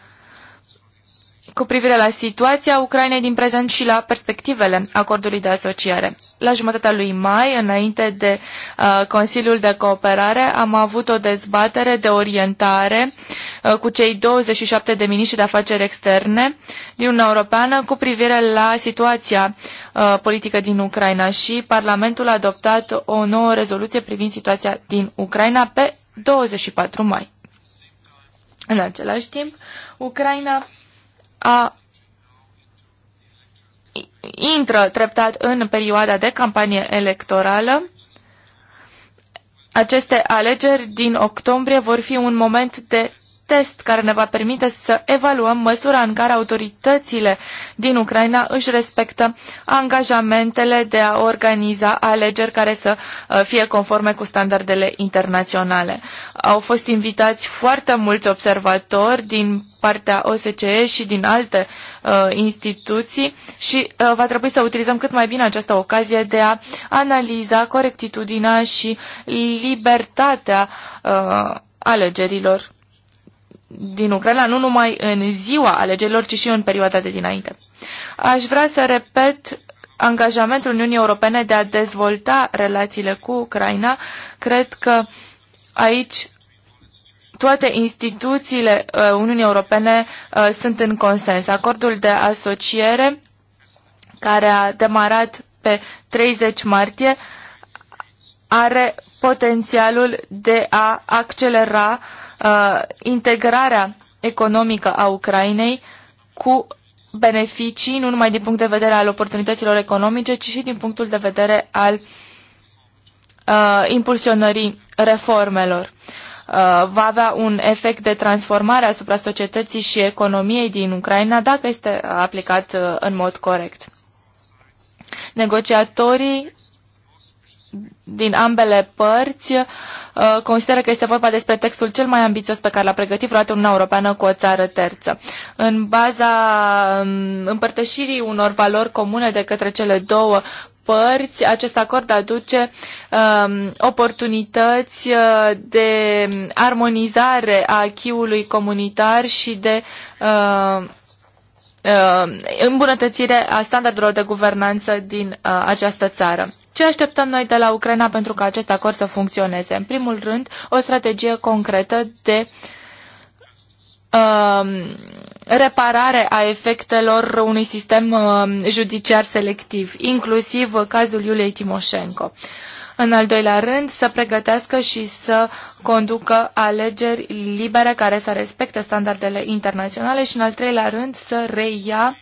cu privire la situația Ucrainei din prezent și la perspectivele acordului de asociere. La jumătatea lui mai, înainte de uh, Consiliul de Cooperare, am avut o dezbatere de orientare uh, cu cei 27 de miniștri de afaceri externe din Uniunea Europeană cu privire la situația uh, politică din Ucraina și Parlamentul a adoptat o nouă rezoluție privind situația din Ucraina pe 24 mai. În același timp, Ucraina a intră treptat în perioada de campanie electorală. Aceste alegeri din octombrie vor fi un moment de test care ne va permite să evaluăm măsura în care autoritățile din Ucraina își respectă angajamentele de a organiza alegeri care să uh, fie conforme cu standardele internaționale. Au fost invitați foarte mulți observatori din partea OSCE și din alte uh, instituții și uh, va trebui să utilizăm cât mai bine această ocazie de a analiza corectitudinea și libertatea uh, alegerilor din Ucraina, nu numai în ziua alegerilor, ci și în perioada de dinainte. Aș vrea să repet angajamentul Uniunii Europene de a dezvolta relațiile cu Ucraina. Cred că aici toate instituțiile uh, Uniunii Europene uh, sunt în consens. Acordul de asociere care a demarat pe 30 martie are potențialul de a accelera uh, uh, integrarea economică a Ucrainei cu beneficii nu numai din punct de vedere al oportunităților economice, ci și din punctul de vedere al uh, impulsionării reformelor. Uh, va avea un efect de transformare asupra societății și economiei din Ucraina dacă este aplicat uh, în mod corect. Negociatorii din ambele părți uh, consideră că este vorba despre textul cel mai ambițios pe care l-a pregătit vreodată Uniunea Europeană cu o țară terță. În baza um, împărtășirii unor valori comune de către cele două părți, acest acord aduce um, oportunități uh, de armonizare a achiului comunitar și de uh, uh, îmbunătățire a standardelor de guvernanță din uh, această țară. Ce așteptăm noi de la Ucraina pentru ca acest acord să funcționeze? În primul rând, o strategie concretă de um, reparare a efectelor unui sistem um, judiciar selectiv, inclusiv cazul Iuliei Timoșenko. În al doilea rând, să pregătească și să conducă alegeri libere care să respecte standardele internaționale și, în al treilea rând, să reia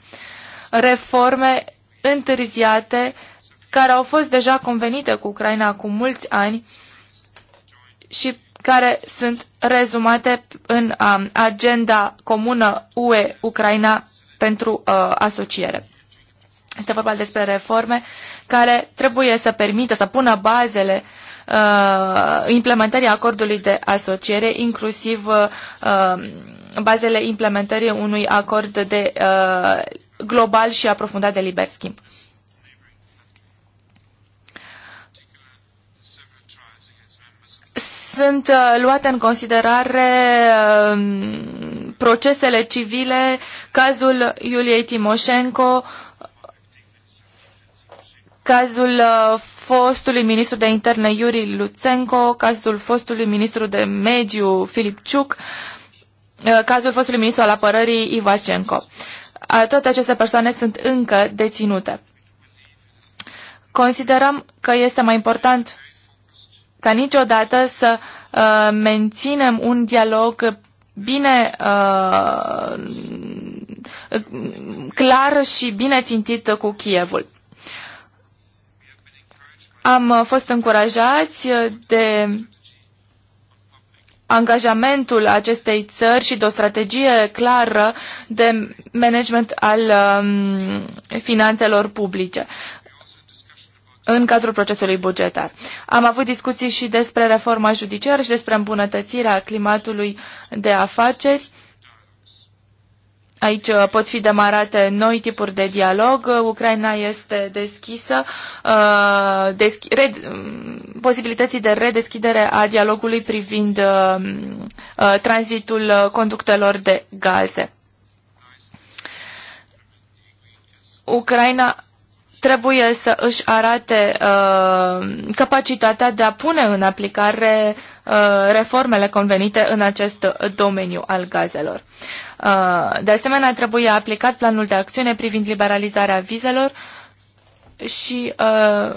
reforme întârziate uh, care au fost deja convenite cu Ucraina cu mulți ani și care sunt rezumate în um, agenda comună UE-Ucraina pentru uh, asociere. Este vorba despre reforme care trebuie să permită să pună bazele uh, implementării acordului de asociere, inclusiv uh, um, bazele implementării unui acord de uh, global și aprofundat de liber schimb. sunt uh, luate în considerare um, procesele civile, cazul Iuliei Timoșenko, cazul uh, fostului ministru de interne Iuri Lutsenko, cazul fostului ministru de mediu Filip Ciuc, uh, cazul fostului ministru al apărării Ivacenko. Toate aceste persoane sunt încă deținute. Considerăm că este mai important ca niciodată să uh, menținem un dialog bine uh, clar și bine țintit cu Kievul. Am uh, fost încurajați de angajamentul acestei țări și de o strategie clară de management al um, finanțelor publice în cadrul procesului bugetar. Am avut discuții și despre reforma judiciară și despre îmbunătățirea climatului de afaceri. Aici uh, pot fi demarate noi tipuri de dialog. Uh, Ucraina este deschisă uh, deschi, re, mm, posibilității de redeschidere a dialogului privind tranzitul conductelor de gaze. Ucraina trebuie să își arate uh, capacitatea de a pune în aplicare uh, reformele convenite în acest domeniu al gazelor. Uh, de asemenea, trebuie aplicat planul de acțiune privind liberalizarea vizelor și uh,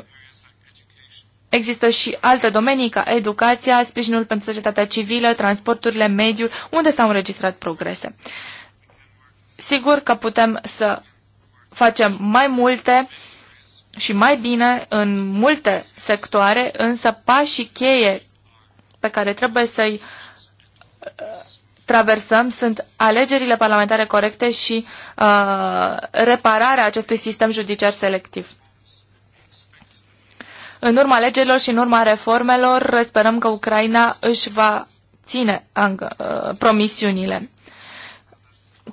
Există și alte domenii ca educația, sprijinul pentru societatea civilă, transporturile, mediul, unde s-au înregistrat progrese. Sigur că putem să facem mai multe și mai bine în multe sectoare, însă pașii cheie pe care trebuie să-i uh, traversăm sunt alegerile parlamentare corecte și uh, repararea acestui sistem judiciar selectiv. În urma alegerilor și în urma reformelor, sperăm că Ucraina își va ține uh, promisiunile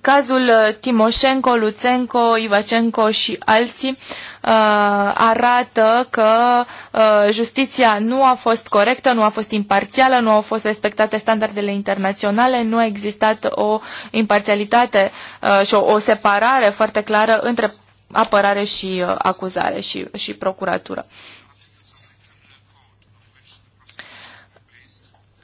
cazul uh, Timoșenco, Luțenko, Ivacenko și alții uh, arată că uh, justiția nu a fost corectă, nu a fost imparțială, nu au fost respectate standardele internaționale, nu a existat o imparțialitate și o, o separare foarte clară între apărare și acuzare și, și procuratură.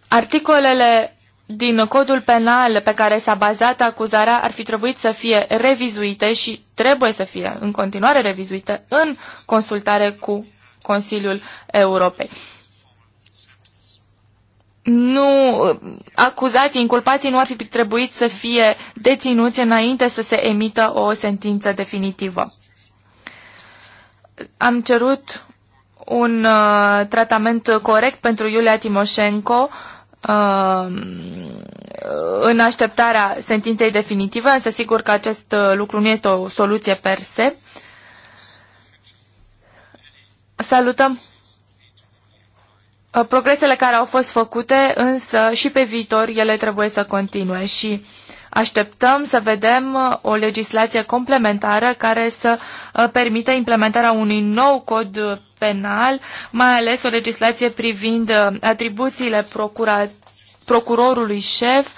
Articolele din codul penal pe care s-a bazat acuzarea ar fi trebuit să fie revizuite și trebuie să fie în continuare revizuite în consultare cu Consiliul Europei. Nu, acuzații, inculpații nu ar fi trebuit să fie deținuți înainte să se emită o sentință definitivă. Am cerut un uh, tratament corect pentru Iulia Timoșenco. uh, în așteptarea sentinței definitive, însă sigur că acest uh, lucru nu este o soluție per se. Salutăm Uh, progresele care au fost făcute, însă și pe viitor ele trebuie să continue și așteptăm să vedem uh, o legislație complementară care să uh, permită implementarea unui nou cod penal, mai ales o legislație privind atribuțiile procura- procurorului șef,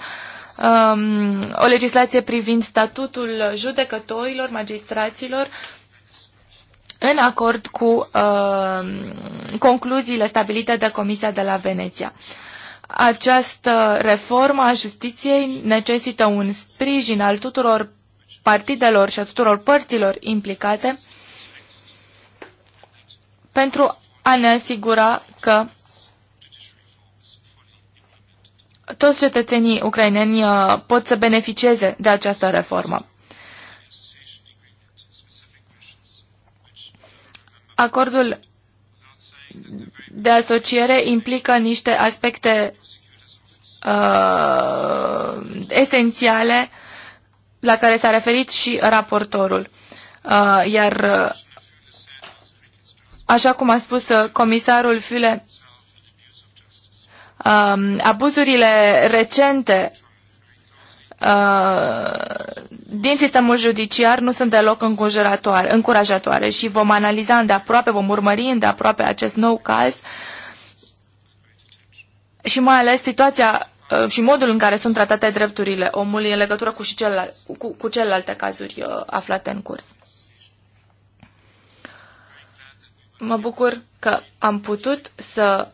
um, o legislație privind statutul judecătorilor, magistraților, în acord cu uh, concluziile stabilite de Comisia de la Veneția. Această reformă a justiției necesită un sprijin al tuturor partidelor și a tuturor părților implicate pentru a ne asigura că toți cetățenii ucraineni uh, pot să beneficieze de această reformă. Acordul de asociere implică niște aspecte uh, esențiale la care s-a referit și raportorul. Uh, iar, uh, așa cum a spus uh, comisarul Fule, um, abuzurile recente Uh, din sistemul judiciar nu sunt deloc încurajatoare și vom analiza îndeaproape, vom urmări îndeaproape acest nou caz și mai ales situația uh, și modul în care sunt tratate drepturile omului în legătură cu, și celelalte, cu, cu celelalte cazuri uh, aflate în curs. Mă bucur că am putut să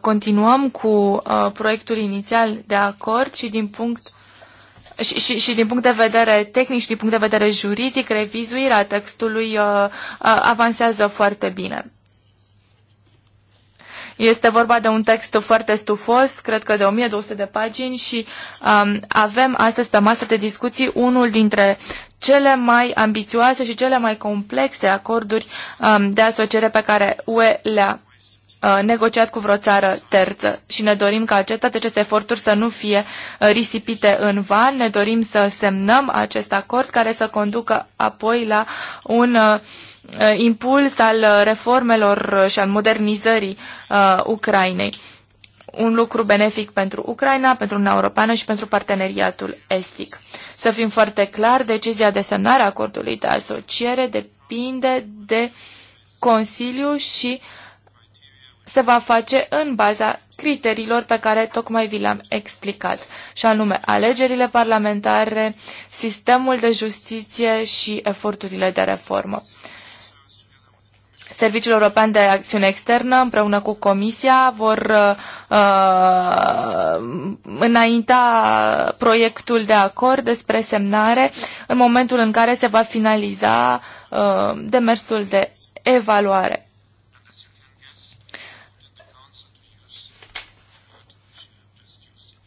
continuăm cu proiectul inițial de acord și din punct și, și, și din punct de vedere tehnic și din punct de vedere juridic, revizuirea textului uh, uh avansează foarte bine. Este vorba de un text foarte stufos, cred că de 1200 de pagini și um, avem astăzi pe masă de discuții unul dintre cele mai ambițioase și cele mai complexe acorduri um, de asociere pe care UE le-a negociat cu vreo țară terță și ne dorim ca toate aceste eforturi să nu fie risipite în van. Ne dorim să semnăm acest acord care să conducă apoi la un impuls al reformelor și al modernizării Ucrainei. Un lucru benefic pentru Ucraina, pentru Uniunea Europeană și pentru parteneriatul estic. Să fim foarte clar, decizia de semnare a acordului de asociere depinde de Consiliu și se va face în baza criteriilor pe care tocmai vi le-am explicat, și anume alegerile parlamentare, sistemul de justiție și eforturile de reformă. Serviciul European de Acțiune Externă împreună cu Comisia vor uh, înainta proiectul de acord despre semnare în momentul în care se va finaliza uh, demersul de evaluare.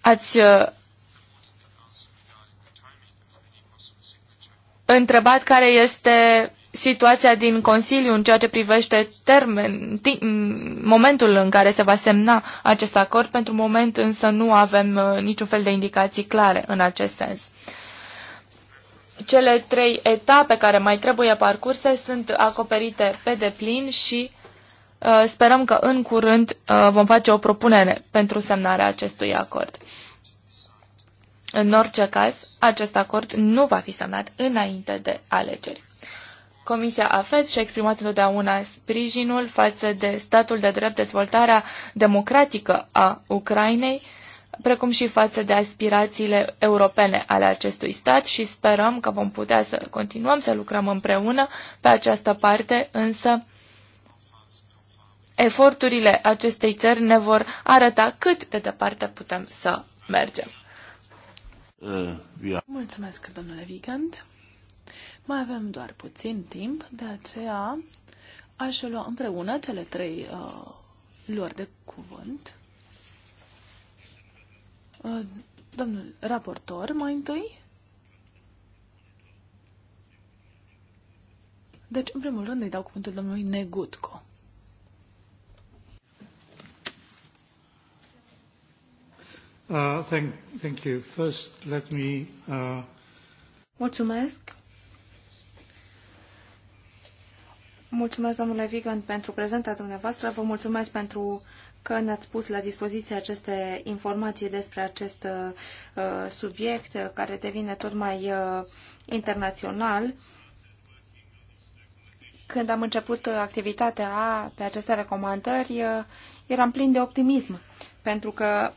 Ați uh, întrebat care este situația din Consiliu în ceea ce privește termen, momentul în care se va semna acest acord. Pentru moment însă nu avem uh, niciun fel de indicații clare în acest sens. Cele trei etape care mai trebuie parcurse sunt acoperite pe deplin și Uh, sperăm că în curând uh, vom face o propunere pentru semnarea acestui acord. În orice caz, acest acord nu va fi semnat înainte de alegeri. Comisia AFET și-a exprimat întotdeauna sprijinul față de statul de drept, dezvoltarea democratică a Ucrainei, precum și față de aspirațiile europene ale acestui stat și sperăm că vom putea să continuăm să lucrăm împreună pe această parte, însă eforturile acestei țări ne vor arăta cât de departe putem să mergem. Uh, Mulțumesc, domnule Vigand. Mai avem doar puțin timp, de aceea aș lua împreună cele trei uh, luări de cuvânt. Uh, domnul raportor, mai întâi. Deci, în primul rând, îi dau cuvântul domnului Negutco. Uh, thank, thank you. First, let me, uh... Mulțumesc. Mulțumesc, domnule Vigand, pentru prezenta dumneavoastră. Vă mulțumesc pentru că ne-ați pus la dispoziție aceste informații despre acest uh, subiect uh, care devine tot mai uh, internațional. Când am început activitatea pe aceste recomandări, uh, eram plin de optimism, pentru că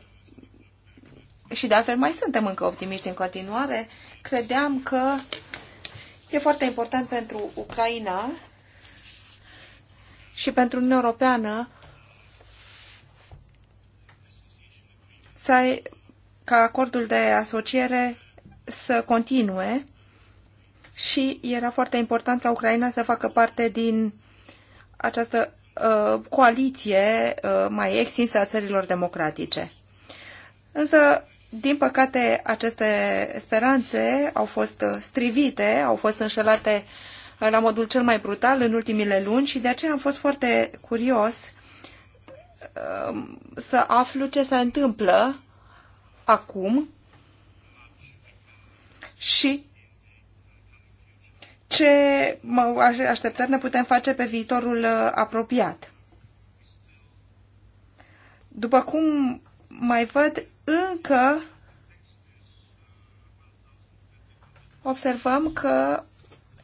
și de altfel mai suntem încă optimiști în continuare, credeam că e foarte important pentru Ucraina și pentru Uniunea Europeană să ai, ca acordul de asociere să continue și era foarte important ca Ucraina să facă parte din această uh, coaliție uh, mai extinsă a țărilor democratice. Însă din păcate, aceste speranțe au fost strivite, au fost înșelate la modul cel mai brutal în ultimile luni și de aceea am fost foarte curios um, să aflu ce se întâmplă acum și ce așteptări ne putem face pe viitorul uh, apropiat. După cum mai văd, încă observăm că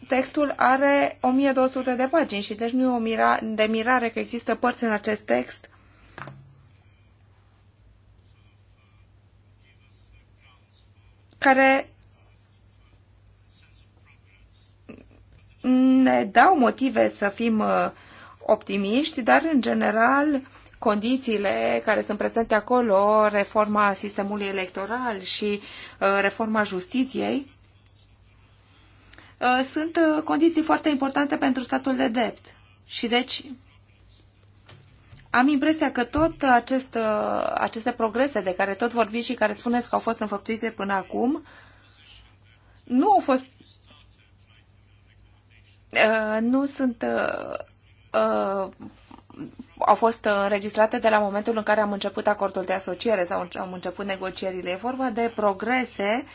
textul are 1200 de pagini și deci nu e o mira de mirare că există părți în acest text care ne dau motive să fim uh, optimiști, dar în general condițiile care sunt prezente acolo, reforma sistemului electoral și uh, reforma justiției, uh, sunt uh, condiții foarte importante pentru statul de drept. Și deci am impresia că tot acest, aceste progrese de care tot vorbiți și care spuneți că au fost înfăptuite până acum, nu au fost nu sunt au fost înregistrate de la momentul în care am început acordul de asociere sau am început negocierile. E vorba de progrese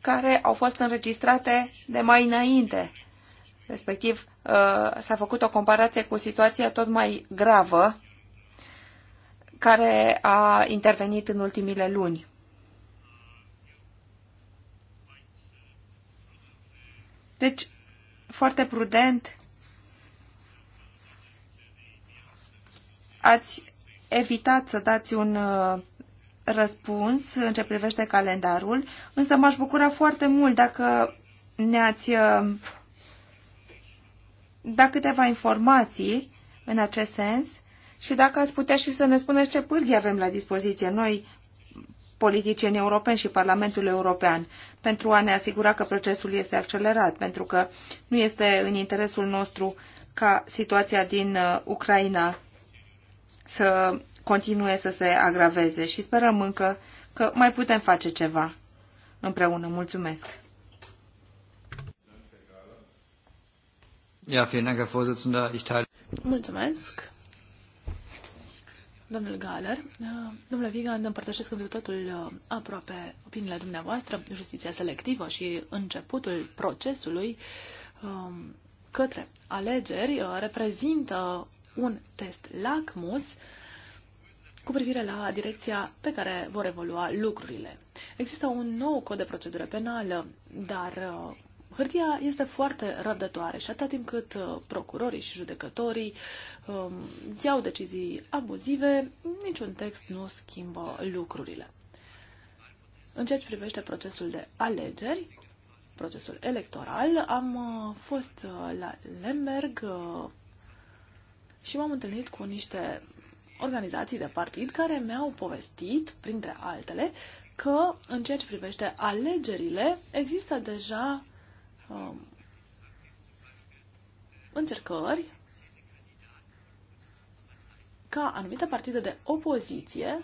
care au fost înregistrate de mai înainte. Respectiv, uh, s-a făcut o comparație cu situația tot mai gravă care a intervenit în ultimile luni. Deci, foarte prudent, ați evitat să dați un uh, răspuns în ce privește calendarul, însă m-aș bucura foarte mult dacă ne-ați da câteva informații în acest sens și dacă ați putea și să ne spuneți ce pârghii avem la dispoziție noi, politicieni europeni și Parlamentul European, pentru a ne asigura că procesul este accelerat, pentru că nu este în interesul nostru ca situația din uh, Ucraina să continue să se agraveze și sperăm încă că mai putem face ceva împreună. Mulțumesc! Ja, vielen Dank, Herr Vorsitzender. Ich teile. Mulțumesc. Domnul Galer, uh, domnule Vigan, împărtășesc întru totul uh, aproape opiniile dumneavoastră, justiția selectivă și începutul procesului um, către alegeri uh, reprezintă un test LACMUS cu privire la direcția pe care vor evolua lucrurile. Există un nou cod de procedură penală, dar uh, hârtia este foarte răbdătoare și atât timp cât uh, procurorii și judecătorii um, iau decizii abuzive, niciun text nu schimbă lucrurile. În ceea ce privește procesul de alegeri, procesul electoral, am uh, fost la Lemberg și m-am întâlnit cu niște organizații de partid care mi-au povestit, printre altele, că în ceea ce privește alegerile există deja um, încercări ca anumite partide de opoziție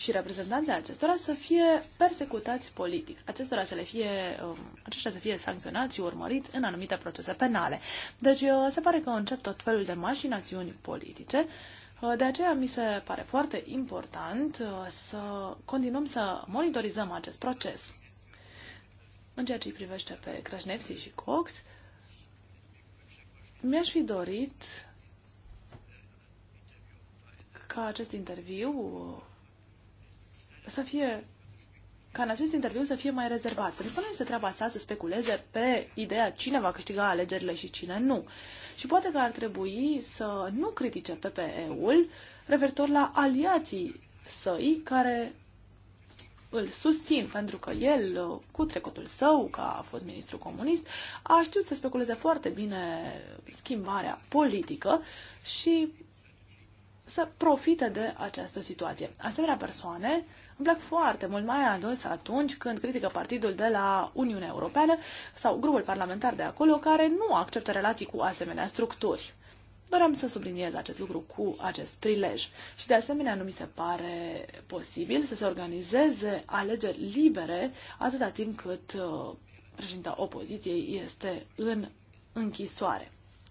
și reprezentanții acestora să fie persecutați politic, acestora să le fie, um, aceștia să fie sancționați și urmăriți în anumite procese penale. Deci uh, se pare că încep tot felul de mașinațiuni politice, uh, de aceea mi se pare foarte important uh, să continuăm să monitorizăm acest proces. În ceea ce îi privește pe Krasnevski și Cox, mi-aș fi dorit ca acest interviu să fie ca în acest interviu să fie mai rezervat. Pentru că nu este treaba sa să speculeze pe ideea cine va câștiga alegerile și cine nu. Și poate că ar trebui să nu critique PPE-ul referitor la aliații săi care îl susțin pentru că el, cu trecutul său, ca a fost ministru comunist, a știut să speculeze foarte bine schimbarea politică și să profite de această situație. Asemenea persoane îmi plac foarte mult mai ales atunci când critică partidul de la Uniunea Europeană sau grupul parlamentar de acolo care nu acceptă relații cu asemenea structuri. Doream să subliniez acest lucru cu acest prilej și de asemenea nu mi se pare posibil să se organizeze alegeri libere atâta timp cât uh, președinta opoziției este în închisoare.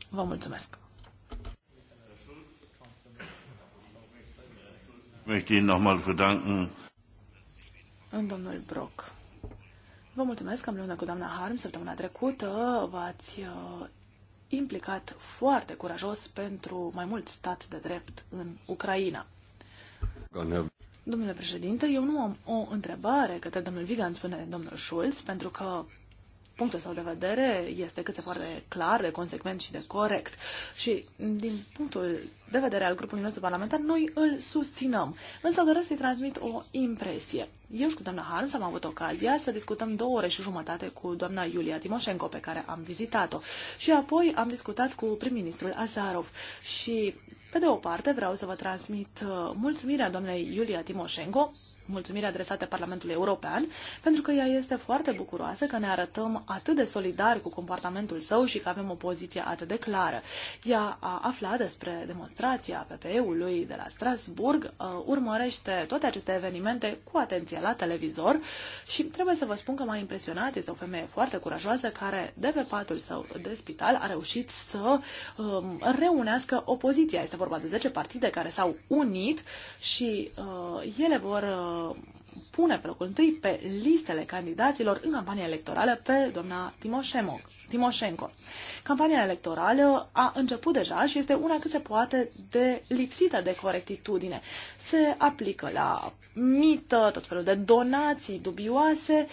Vă mulțumesc! möchte Ihnen nochmal verdanken, domnul Brock. Vă mulțumesc că împreună cu doamna Harm săptămâna trecută v-ați uh, implicat foarte curajos pentru mai mult stat de drept în Ucraina. Domnule președinte, eu nu am o întrebare către domnul Vigan, spune domnul Schulz, pentru că punctul său de vedere este cât se poate clar, de consecvent și de corect. Și din punctul de vedere al grupului nostru parlamentar, noi îl susținăm. Însă doresc să-i transmit o impresie. Eu și cu doamna Hans am avut ocazia să discutăm două ore și jumătate cu doamna Iulia Timoșenko, pe care am vizitat-o. Și apoi am discutat cu prim-ministrul Azarov. Și, pe de o parte, vreau să vă transmit uh, mulțumirea doamnei Iulia Timoșenko mulțumiri adresate Parlamentului European, pentru că ea este foarte bucuroasă că ne arătăm atât de solidari cu comportamentul său și că avem o poziție atât de clară. Ea a aflat despre demonstrația PPE-ului de la Strasburg, uh, urmărește toate aceste evenimente cu atenție la televizor și trebuie să vă spun că m-a impresionat, este o femeie foarte curajoasă care de pe patul său de spital a reușit să um, reunească opoziția. Este vorba de 10 partide care s-au unit și uh, ele vor uh, pune pe locul întâi pe listele candidaților în campania electorală pe doamna Timoșenko. Campania electorală a început deja și este una cât se poate de lipsită de corectitudine. Se aplică la mită, tot felul de donații dubioase,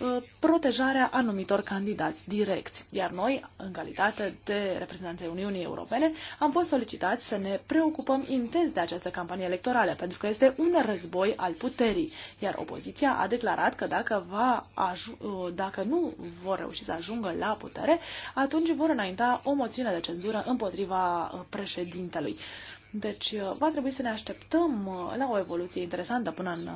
Uh, protejarea anumitor candidați direcți. Iar noi, în calitate de reprezentanții Uniunii Europene, am fost solicitați să ne preocupăm intens de această campanie electorală, pentru că este un război al puterii. Iar opoziția a declarat că dacă, va uh, dacă nu vor reuși să ajungă la putere, atunci vor înainta o moțiune de cenzură împotriva uh, președintelui. Deci va trebui să ne așteptăm la o evoluție interesantă până în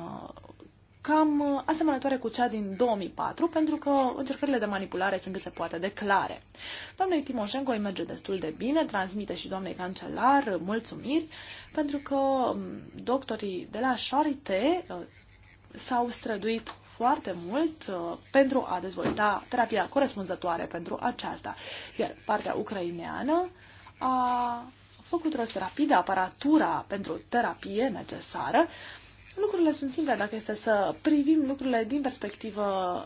cam uh, asemănătoare cu cea din 2004, pentru că încercările de manipulare sunt cât se poate de clare. Doamnei Timoșenko îi merge destul de bine, transmite și doamnei cancelar uh, mulțumiri, pentru că um, doctorii de la Charité uh, s-au străduit foarte mult pentru a dezvolta terapia corespunzătoare pentru aceasta. Iar partea ucraineană a făcut rost rapidă aparatura pentru terapie necesară, Lucrurile sunt simple dacă este să privim lucrurile din perspectivă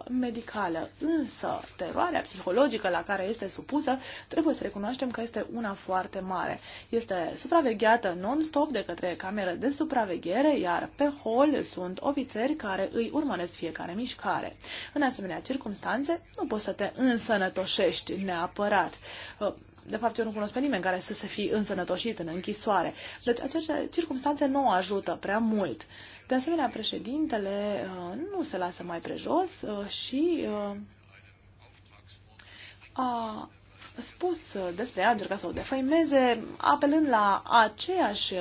medicală, însă teroarea psihologică la care este supusă trebuie să recunoaștem că este una foarte mare. Este supravegheată non-stop de către cameră de supraveghere, iar pe hol sunt ofițeri care îi urmăresc fiecare mișcare. În asemenea circunstanțe, nu poți să te însănătoșești neapărat de fapt, eu nu cunosc pe nimeni care să se fi însănătoșit în închisoare. Deci, aceste circunstanțe nu ajută prea mult. De asemenea, președintele uh, nu se lasă mai prejos uh, și uh, a spus despre ea, a încercat să o defăimeze, apelând la aceeași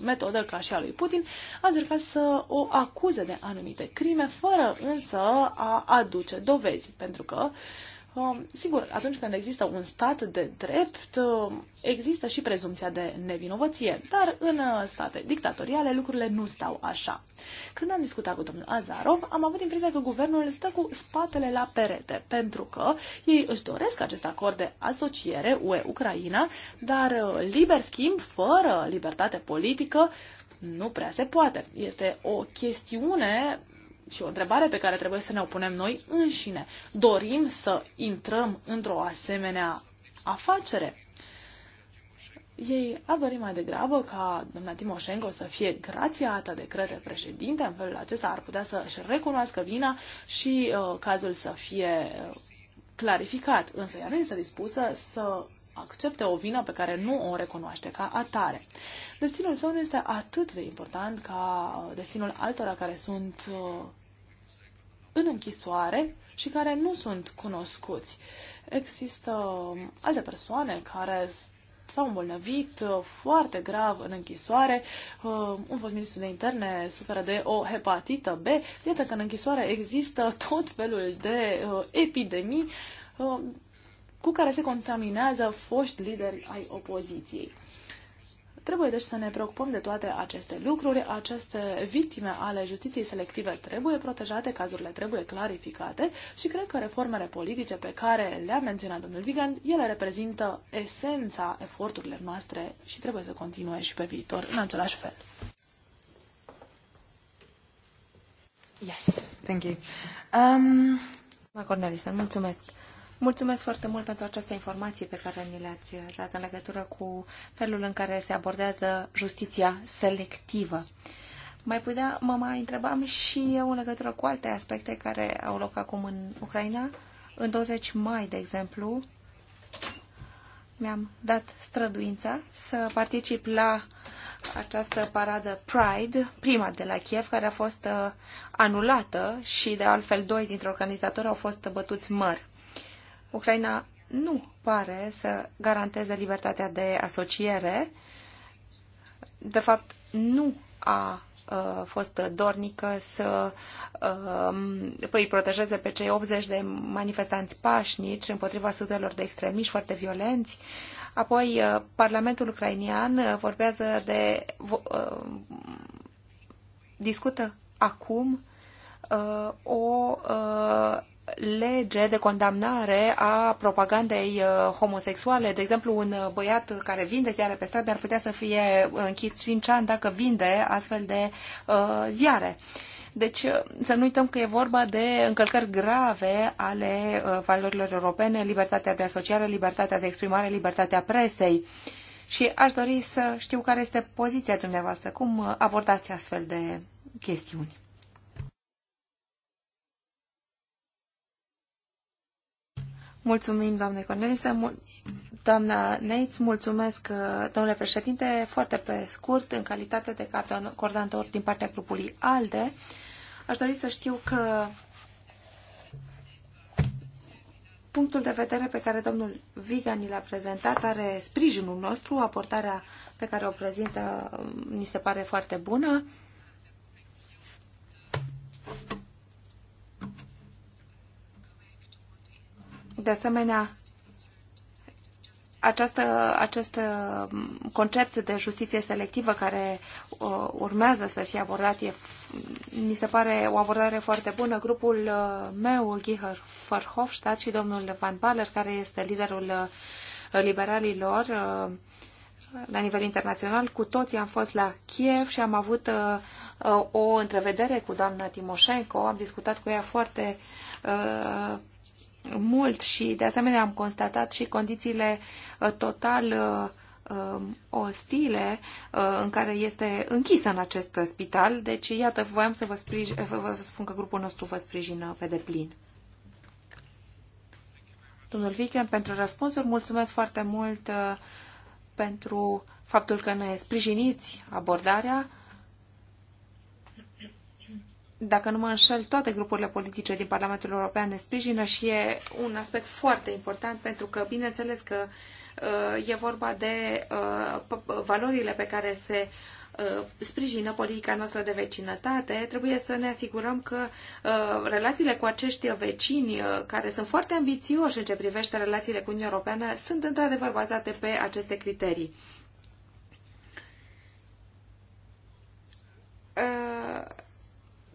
metodă ca și a lui Putin, a încercat să o acuze de anumite crime, fără însă a aduce dovezi, pentru că uh, Um, sigur, atunci când există un stat de drept, um, există și prezumția de nevinovăție, dar în uh, state dictatoriale lucrurile nu stau așa. Când am discutat cu domnul Azarov, am avut impresia că guvernul stă cu spatele la perete, pentru că ei își doresc acest acord de asociere UE-Ucraina, dar uh, liber schimb fără libertate politică nu prea se poate. Este o chestiune și o întrebare pe care trebuie să ne o punem noi înșine. Dorim să intrăm într-o asemenea afacere? Ei ar dori mai degrabă ca domnul Timoșenko să fie grațiată de către președinte, în felul acesta ar putea să-și recunoască vina și uh, cazul să fie uh, clarificat. Însă ea nu este dispusă să accepte o vină pe care nu o recunoaște ca atare. Destinul său nu este atât de important ca uh, destinul altora care sunt uh, în închisoare și care nu sunt cunoscuți. Există um, alte persoane care s-au îmbolnăvit uh, foarte grav în închisoare. Un fost ministru de interne suferă de o hepatită B. Iată că în închisoare există tot felul de epidemii cu care se contaminează foști lideri ai opoziției. Trebuie deci să ne preocupăm de toate aceste lucruri. Aceste victime ale justiției selective trebuie protejate, cazurile trebuie clarificate și cred că reformele politice pe care le-a menționat domnul Vigand, ele reprezintă esența eforturilor noastre și trebuie să continue și pe viitor în același fel. Yes, thank you. Um... Cornelis, mulțumesc. Mulțumesc foarte mult pentru această informație pe care ni le-ați dat în legătură cu felul în care se abordează justiția selectivă. Mai putea, mă mai întrebam și eu în legătură cu alte aspecte care au loc acum în Ucraina. În 20 mai, de exemplu, mi-am dat străduința să particip la această paradă Pride, prima de la Kiev, care a fost uh, anulată și de altfel doi dintre organizatori au fost bătuți mări. Ucraina nu pare să garanteze libertatea de asociere. De fapt, nu a uh, fost dornică să um, îi protejeze pe cei 80 de manifestanți pașnici împotriva sutelor de extremiști foarte violenți. Apoi, uh, Parlamentul ucrainian uh, vorbează de... discută acum o lege de condamnare a propagandei uh, homosexuale. De exemplu, un uh, băiat care vinde ziare pe stradă ar putea să fie uh, închis 5 ani dacă vinde astfel de uh, ziare. Deci să nu uităm că e vorba de încălcări grave ale valorilor europene, libertatea de asociare, libertatea de exprimare, libertatea presei. Și aș dori să știu care este poziția dumneavoastră, cum abordați astfel de chestiuni. Mulțumim, doamne Cornelise. Mul doamna Neitz, mulțumesc, uh, domnule președinte. Foarte pe scurt, în calitate de coordonator din partea grupului ALDE, aș dori să știu că punctul de vedere pe care domnul Vigan l-a prezentat are sprijinul nostru, aportarea pe care o prezintă ni uh, se pare foarte bună. De asemenea, această, acest um, concept de justiție selectivă care uh, urmează să fie abordat e, mi se pare o abordare foarte bună. Grupul uh, meu, Giher Verhofstadt și domnul Van Baller, care este liderul uh, liberalilor uh, la nivel internațional, cu toții am fost la Kiev și am avut uh, uh o întrevedere cu doamna Timoșenko. Am discutat cu ea foarte uh, mult și, de asemenea, am constatat și condițiile uh, total uh, um, ostile uh, în care este închisă în acest spital. Deci, iată, voiam să vă, sprij- vă spun că grupul nostru vă sprijină pe deplin. Domnul Vichem, pentru răspunsuri, mulțumesc foarte mult pentru faptul că ne sprijiniți abordarea dacă nu mă înșel, toate grupurile politice din Parlamentul European ne sprijină și e un aspect foarte important pentru că, bineînțeles că uh, e vorba de uh, valorile pe care se uh, sprijină politica noastră de vecinătate, trebuie să ne asigurăm că relațiile cu acești vecini, care sunt foarte ambițioși în ce privește relațiile cu Uniunea Europeană, sunt într-adevăr bazate pe aceste criterii. Uh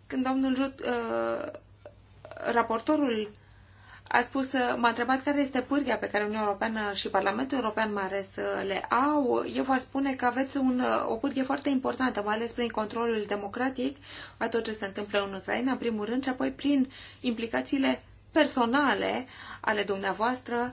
când domnul Jut, uh, raportorul a spus, uh, m-a întrebat care este pârghia pe care Uniunea Europeană și Parlamentul European mai ales uh, le au. Eu vă spune că aveți un, uh, o pârghie foarte importantă, mai ales prin controlul democratic a tot ce se întâmplă în Ucraina, în primul rând, și apoi prin implicațiile personale ale dumneavoastră,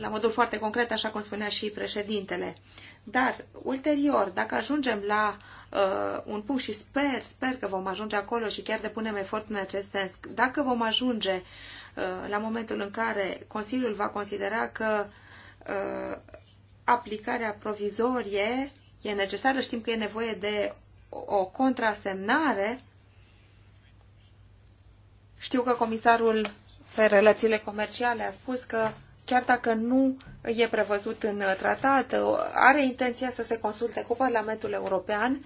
la modul foarte concret, așa cum spunea și președintele. Dar, ulterior, dacă ajungem la uh, un punct și sper, sper că vom ajunge acolo și chiar depunem efort în acest sens. Dacă vom ajunge uh, la momentul în care Consiliul va considera că uh, aplicarea provizorie e necesară, știm că e nevoie de o contrasemnare. Știu că comisarul pe relațiile comerciale a spus că chiar dacă nu e prevăzut în uh, tratat, uh, are intenția să se consulte cu Parlamentul European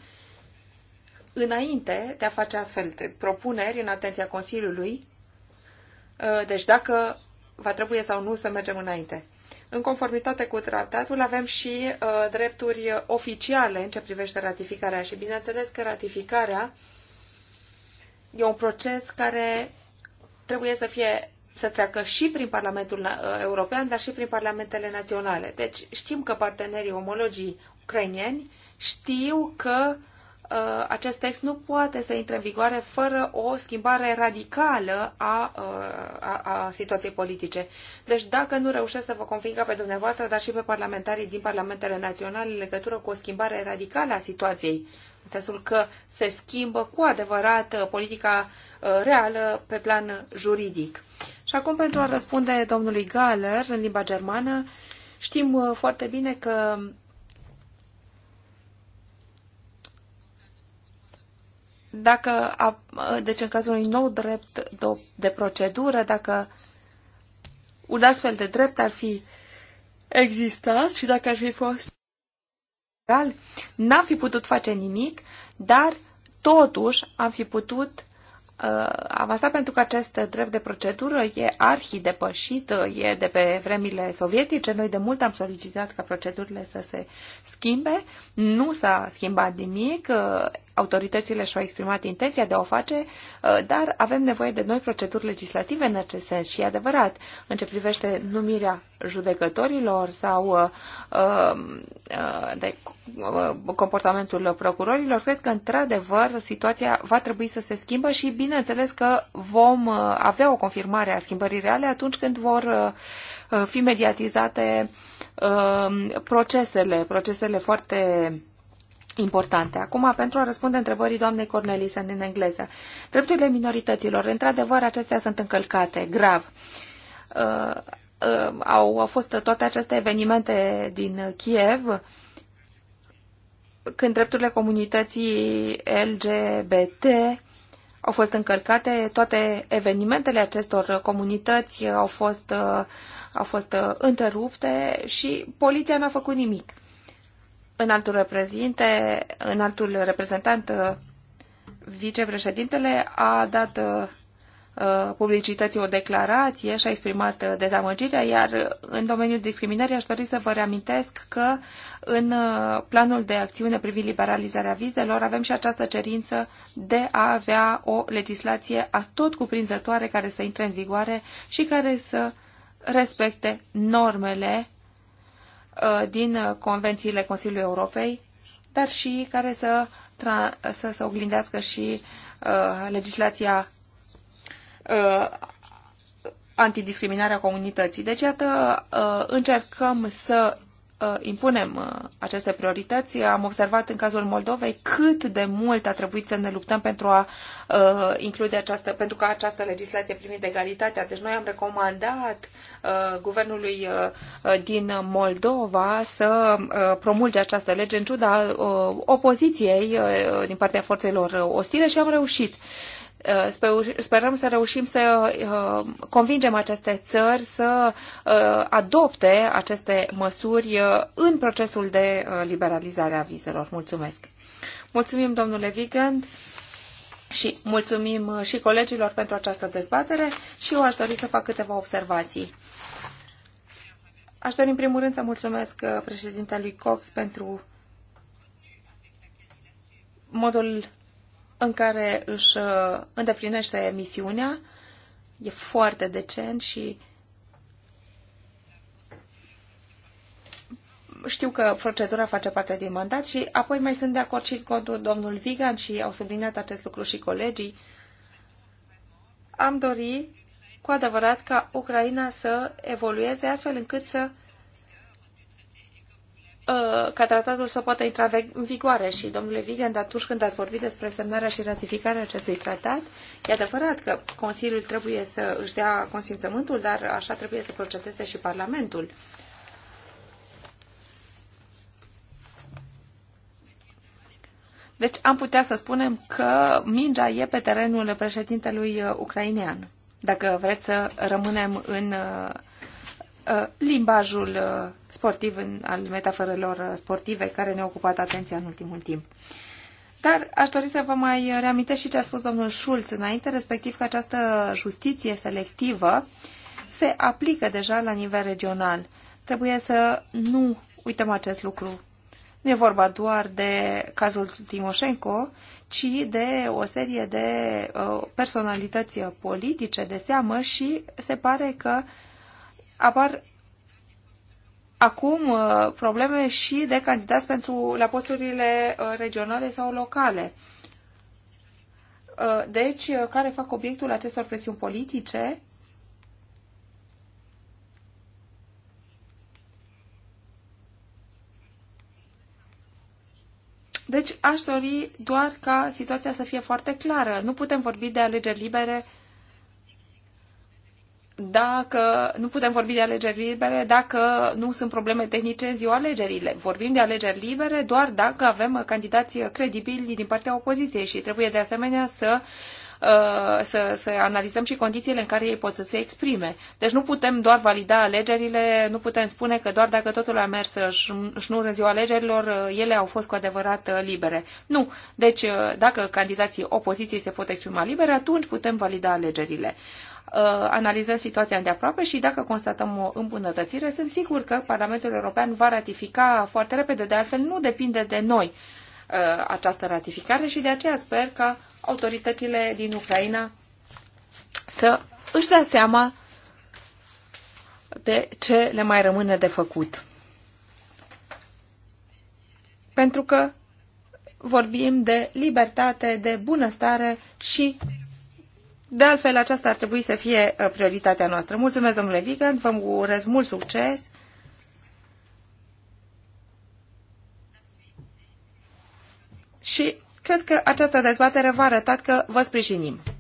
înainte de a face astfel de propuneri în atenția Consiliului, uh, deci dacă va trebui sau nu să mergem înainte. În conformitate cu tratatul avem și drepturi oficiale în ce privește ratificarea și bineînțeles că ratificarea e un proces care trebuie să fie să treacă și prin Parlamentul uh, European, dar și prin Parlamentele Naționale. Deci știm că partenerii omologii ucrainieni știu că uh, acest text nu poate să intre în vigoare fără o schimbare radicală a, uh, a, a situației politice. Deci dacă nu reușesc să vă convingă pe dumneavoastră, dar și pe parlamentarii din Parlamentele Naționale în legătură cu o schimbare radicală a situației în sensul că se schimbă cu adevărat uh, politica uh, reală pe plan juridic. Și acum, pentru a răspunde domnului Galer în limba germană, știm uh, foarte bine că dacă, deci în cazul unui nou drept de procedură, dacă un astfel de drept ar fi existat și dacă ar fi fost electoral, n-am fi putut face nimic, dar totuși am fi putut uh, avansa pentru că acest drept de procedură e arhidepășit, e de pe vremile sovietice. Noi de mult am solicitat ca procedurile să se schimbe, nu s-a schimbat nimic, uh, autoritățile și-au exprimat intenția de a o face, uh, dar avem nevoie de noi proceduri legislative în acest sens și e adevărat în ce privește numirea judecătorilor sau uh, uh, de comportamentul procurorilor, cred că într-adevăr situația va trebui să se schimbă și bineînțeles că vom avea o confirmare a schimbării reale atunci când vor fi mediatizate procesele, procesele foarte importante. Acum, pentru a răspunde întrebării doamnei Cornelisen în engleză, drepturile minorităților, într-adevăr, acestea sunt încălcate, grav. Uh, uh, au, au fost toate aceste evenimente din Kiev, când drepturile comunității LGBT au fost încălcate, toate evenimentele acestor comunități au fost, uh, au fost uh, întrerupte și poliția n-a făcut nimic înaltul, reprezinte, înaltul reprezentant, uh, vicepreședintele, a dat uh, uh, publicității o declarație și a exprimat dezamăgirea, iar în domeniul discriminării aș dori să vă reamintesc că în planul de acțiune privind liberalizarea vizelor avem și această cerință de a avea o legislație atot cuprinzătoare care să intre în vigoare și care să respecte normele Uh, din convențiile Consiliului Europei, dar și care să, să să oglindească și uh, legislația uh, antidiscriminarea comunității. Deci, iată, uh, încercăm să Uh, impunem uh, aceste priorități. Am observat în cazul Moldovei cât de mult a trebuit să ne luptăm pentru a uh, include această, pentru ca această legislație privind egalitatea. Deci noi am recomandat guvernului din Moldova să promulge această lege în ciuda opoziției din partea forțelor ostile și am reușit. Uh, sperăm să reușim să uh, convingem aceste țări să uh, adopte aceste măsuri în procesul de liberalizare a vizelor. Mulțumesc! Mulțumim, domnule Vigand, și mulțumim și colegilor pentru această dezbatere și eu aș dori să fac câteva observații. Aș dori în primul rând să mulțumesc președintelui Cox pentru modul în care își uh, îndeplinește misiunea, e foarte decent și știu că procedura face parte din mandat și apoi mai sunt de acord și cu domnul Vigan și au subliniat acest lucru și colegii. Am dorit cu adevărat ca Ucraina să evolueze astfel încât să Uh, ca tratatul să poată intra în vigoare și, domnule Vigand, atunci când ați vorbit despre semnarea și ratificarea acestui tratat, e adevărat că Consiliul trebuie să își dea consimțământul, dar așa trebuie să procedeze și Parlamentul. Deci am putea să spunem că mingea e pe terenul președintelui ucrainean, dacă vreți să rămânem în uh, Uh, limbajul uh, sportiv în, al metaforelor uh, sportive care ne au ocupat atenția în ultimul timp. Dar aș dori să vă mai reamintesc și ce a spus domnul Schulz înainte, respectiv că această justiție selectivă se aplică deja la nivel regional. Trebuie să nu uităm acest lucru. Nu e vorba doar de cazul Timoșenco, ci de o serie de personalități politice de seamă și se pare că uh, apar acum uh, probleme și de candidați pentru la posturile uh, regionale sau locale. Uh, deci, care fac obiectul acestor presiuni politice? Deci, aș dori doar ca situația să fie foarte clară. Nu putem vorbi de alegeri libere uh, dacă nu putem vorbi de alegeri libere, dacă nu sunt probleme tehnice în ziua alegerile. Vorbim de alegeri libere doar dacă avem candidați credibili din partea opoziției și trebuie de asemenea să uh, să, să analizăm și condițiile în care ei pot să se exprime. Deci nu putem doar valida alegerile, nu putem spune că doar dacă totul a mers șnur în ziua alegerilor, uh, ele au fost cu adevărat uh, libere. Nu. Deci dacă candidații opoziției se pot exprima libere, atunci putem valida alegerile. Uh, analizăm situația de aproape și dacă constatăm o îmbunătățire, sunt sigur că Parlamentul European va ratifica foarte repede. De altfel, nu depinde de noi uh, această ratificare și de aceea sper că autoritățile din Ucraina să își dea seama de ce le mai rămâne de făcut. Pentru că vorbim de libertate, de bunăstare și de altfel, aceasta ar trebui să fie uh, prioritatea noastră. Mulțumesc, domnule Vigand, vă urez mult succes. Și cred că această dezbatere va arătat că vă sprijinim.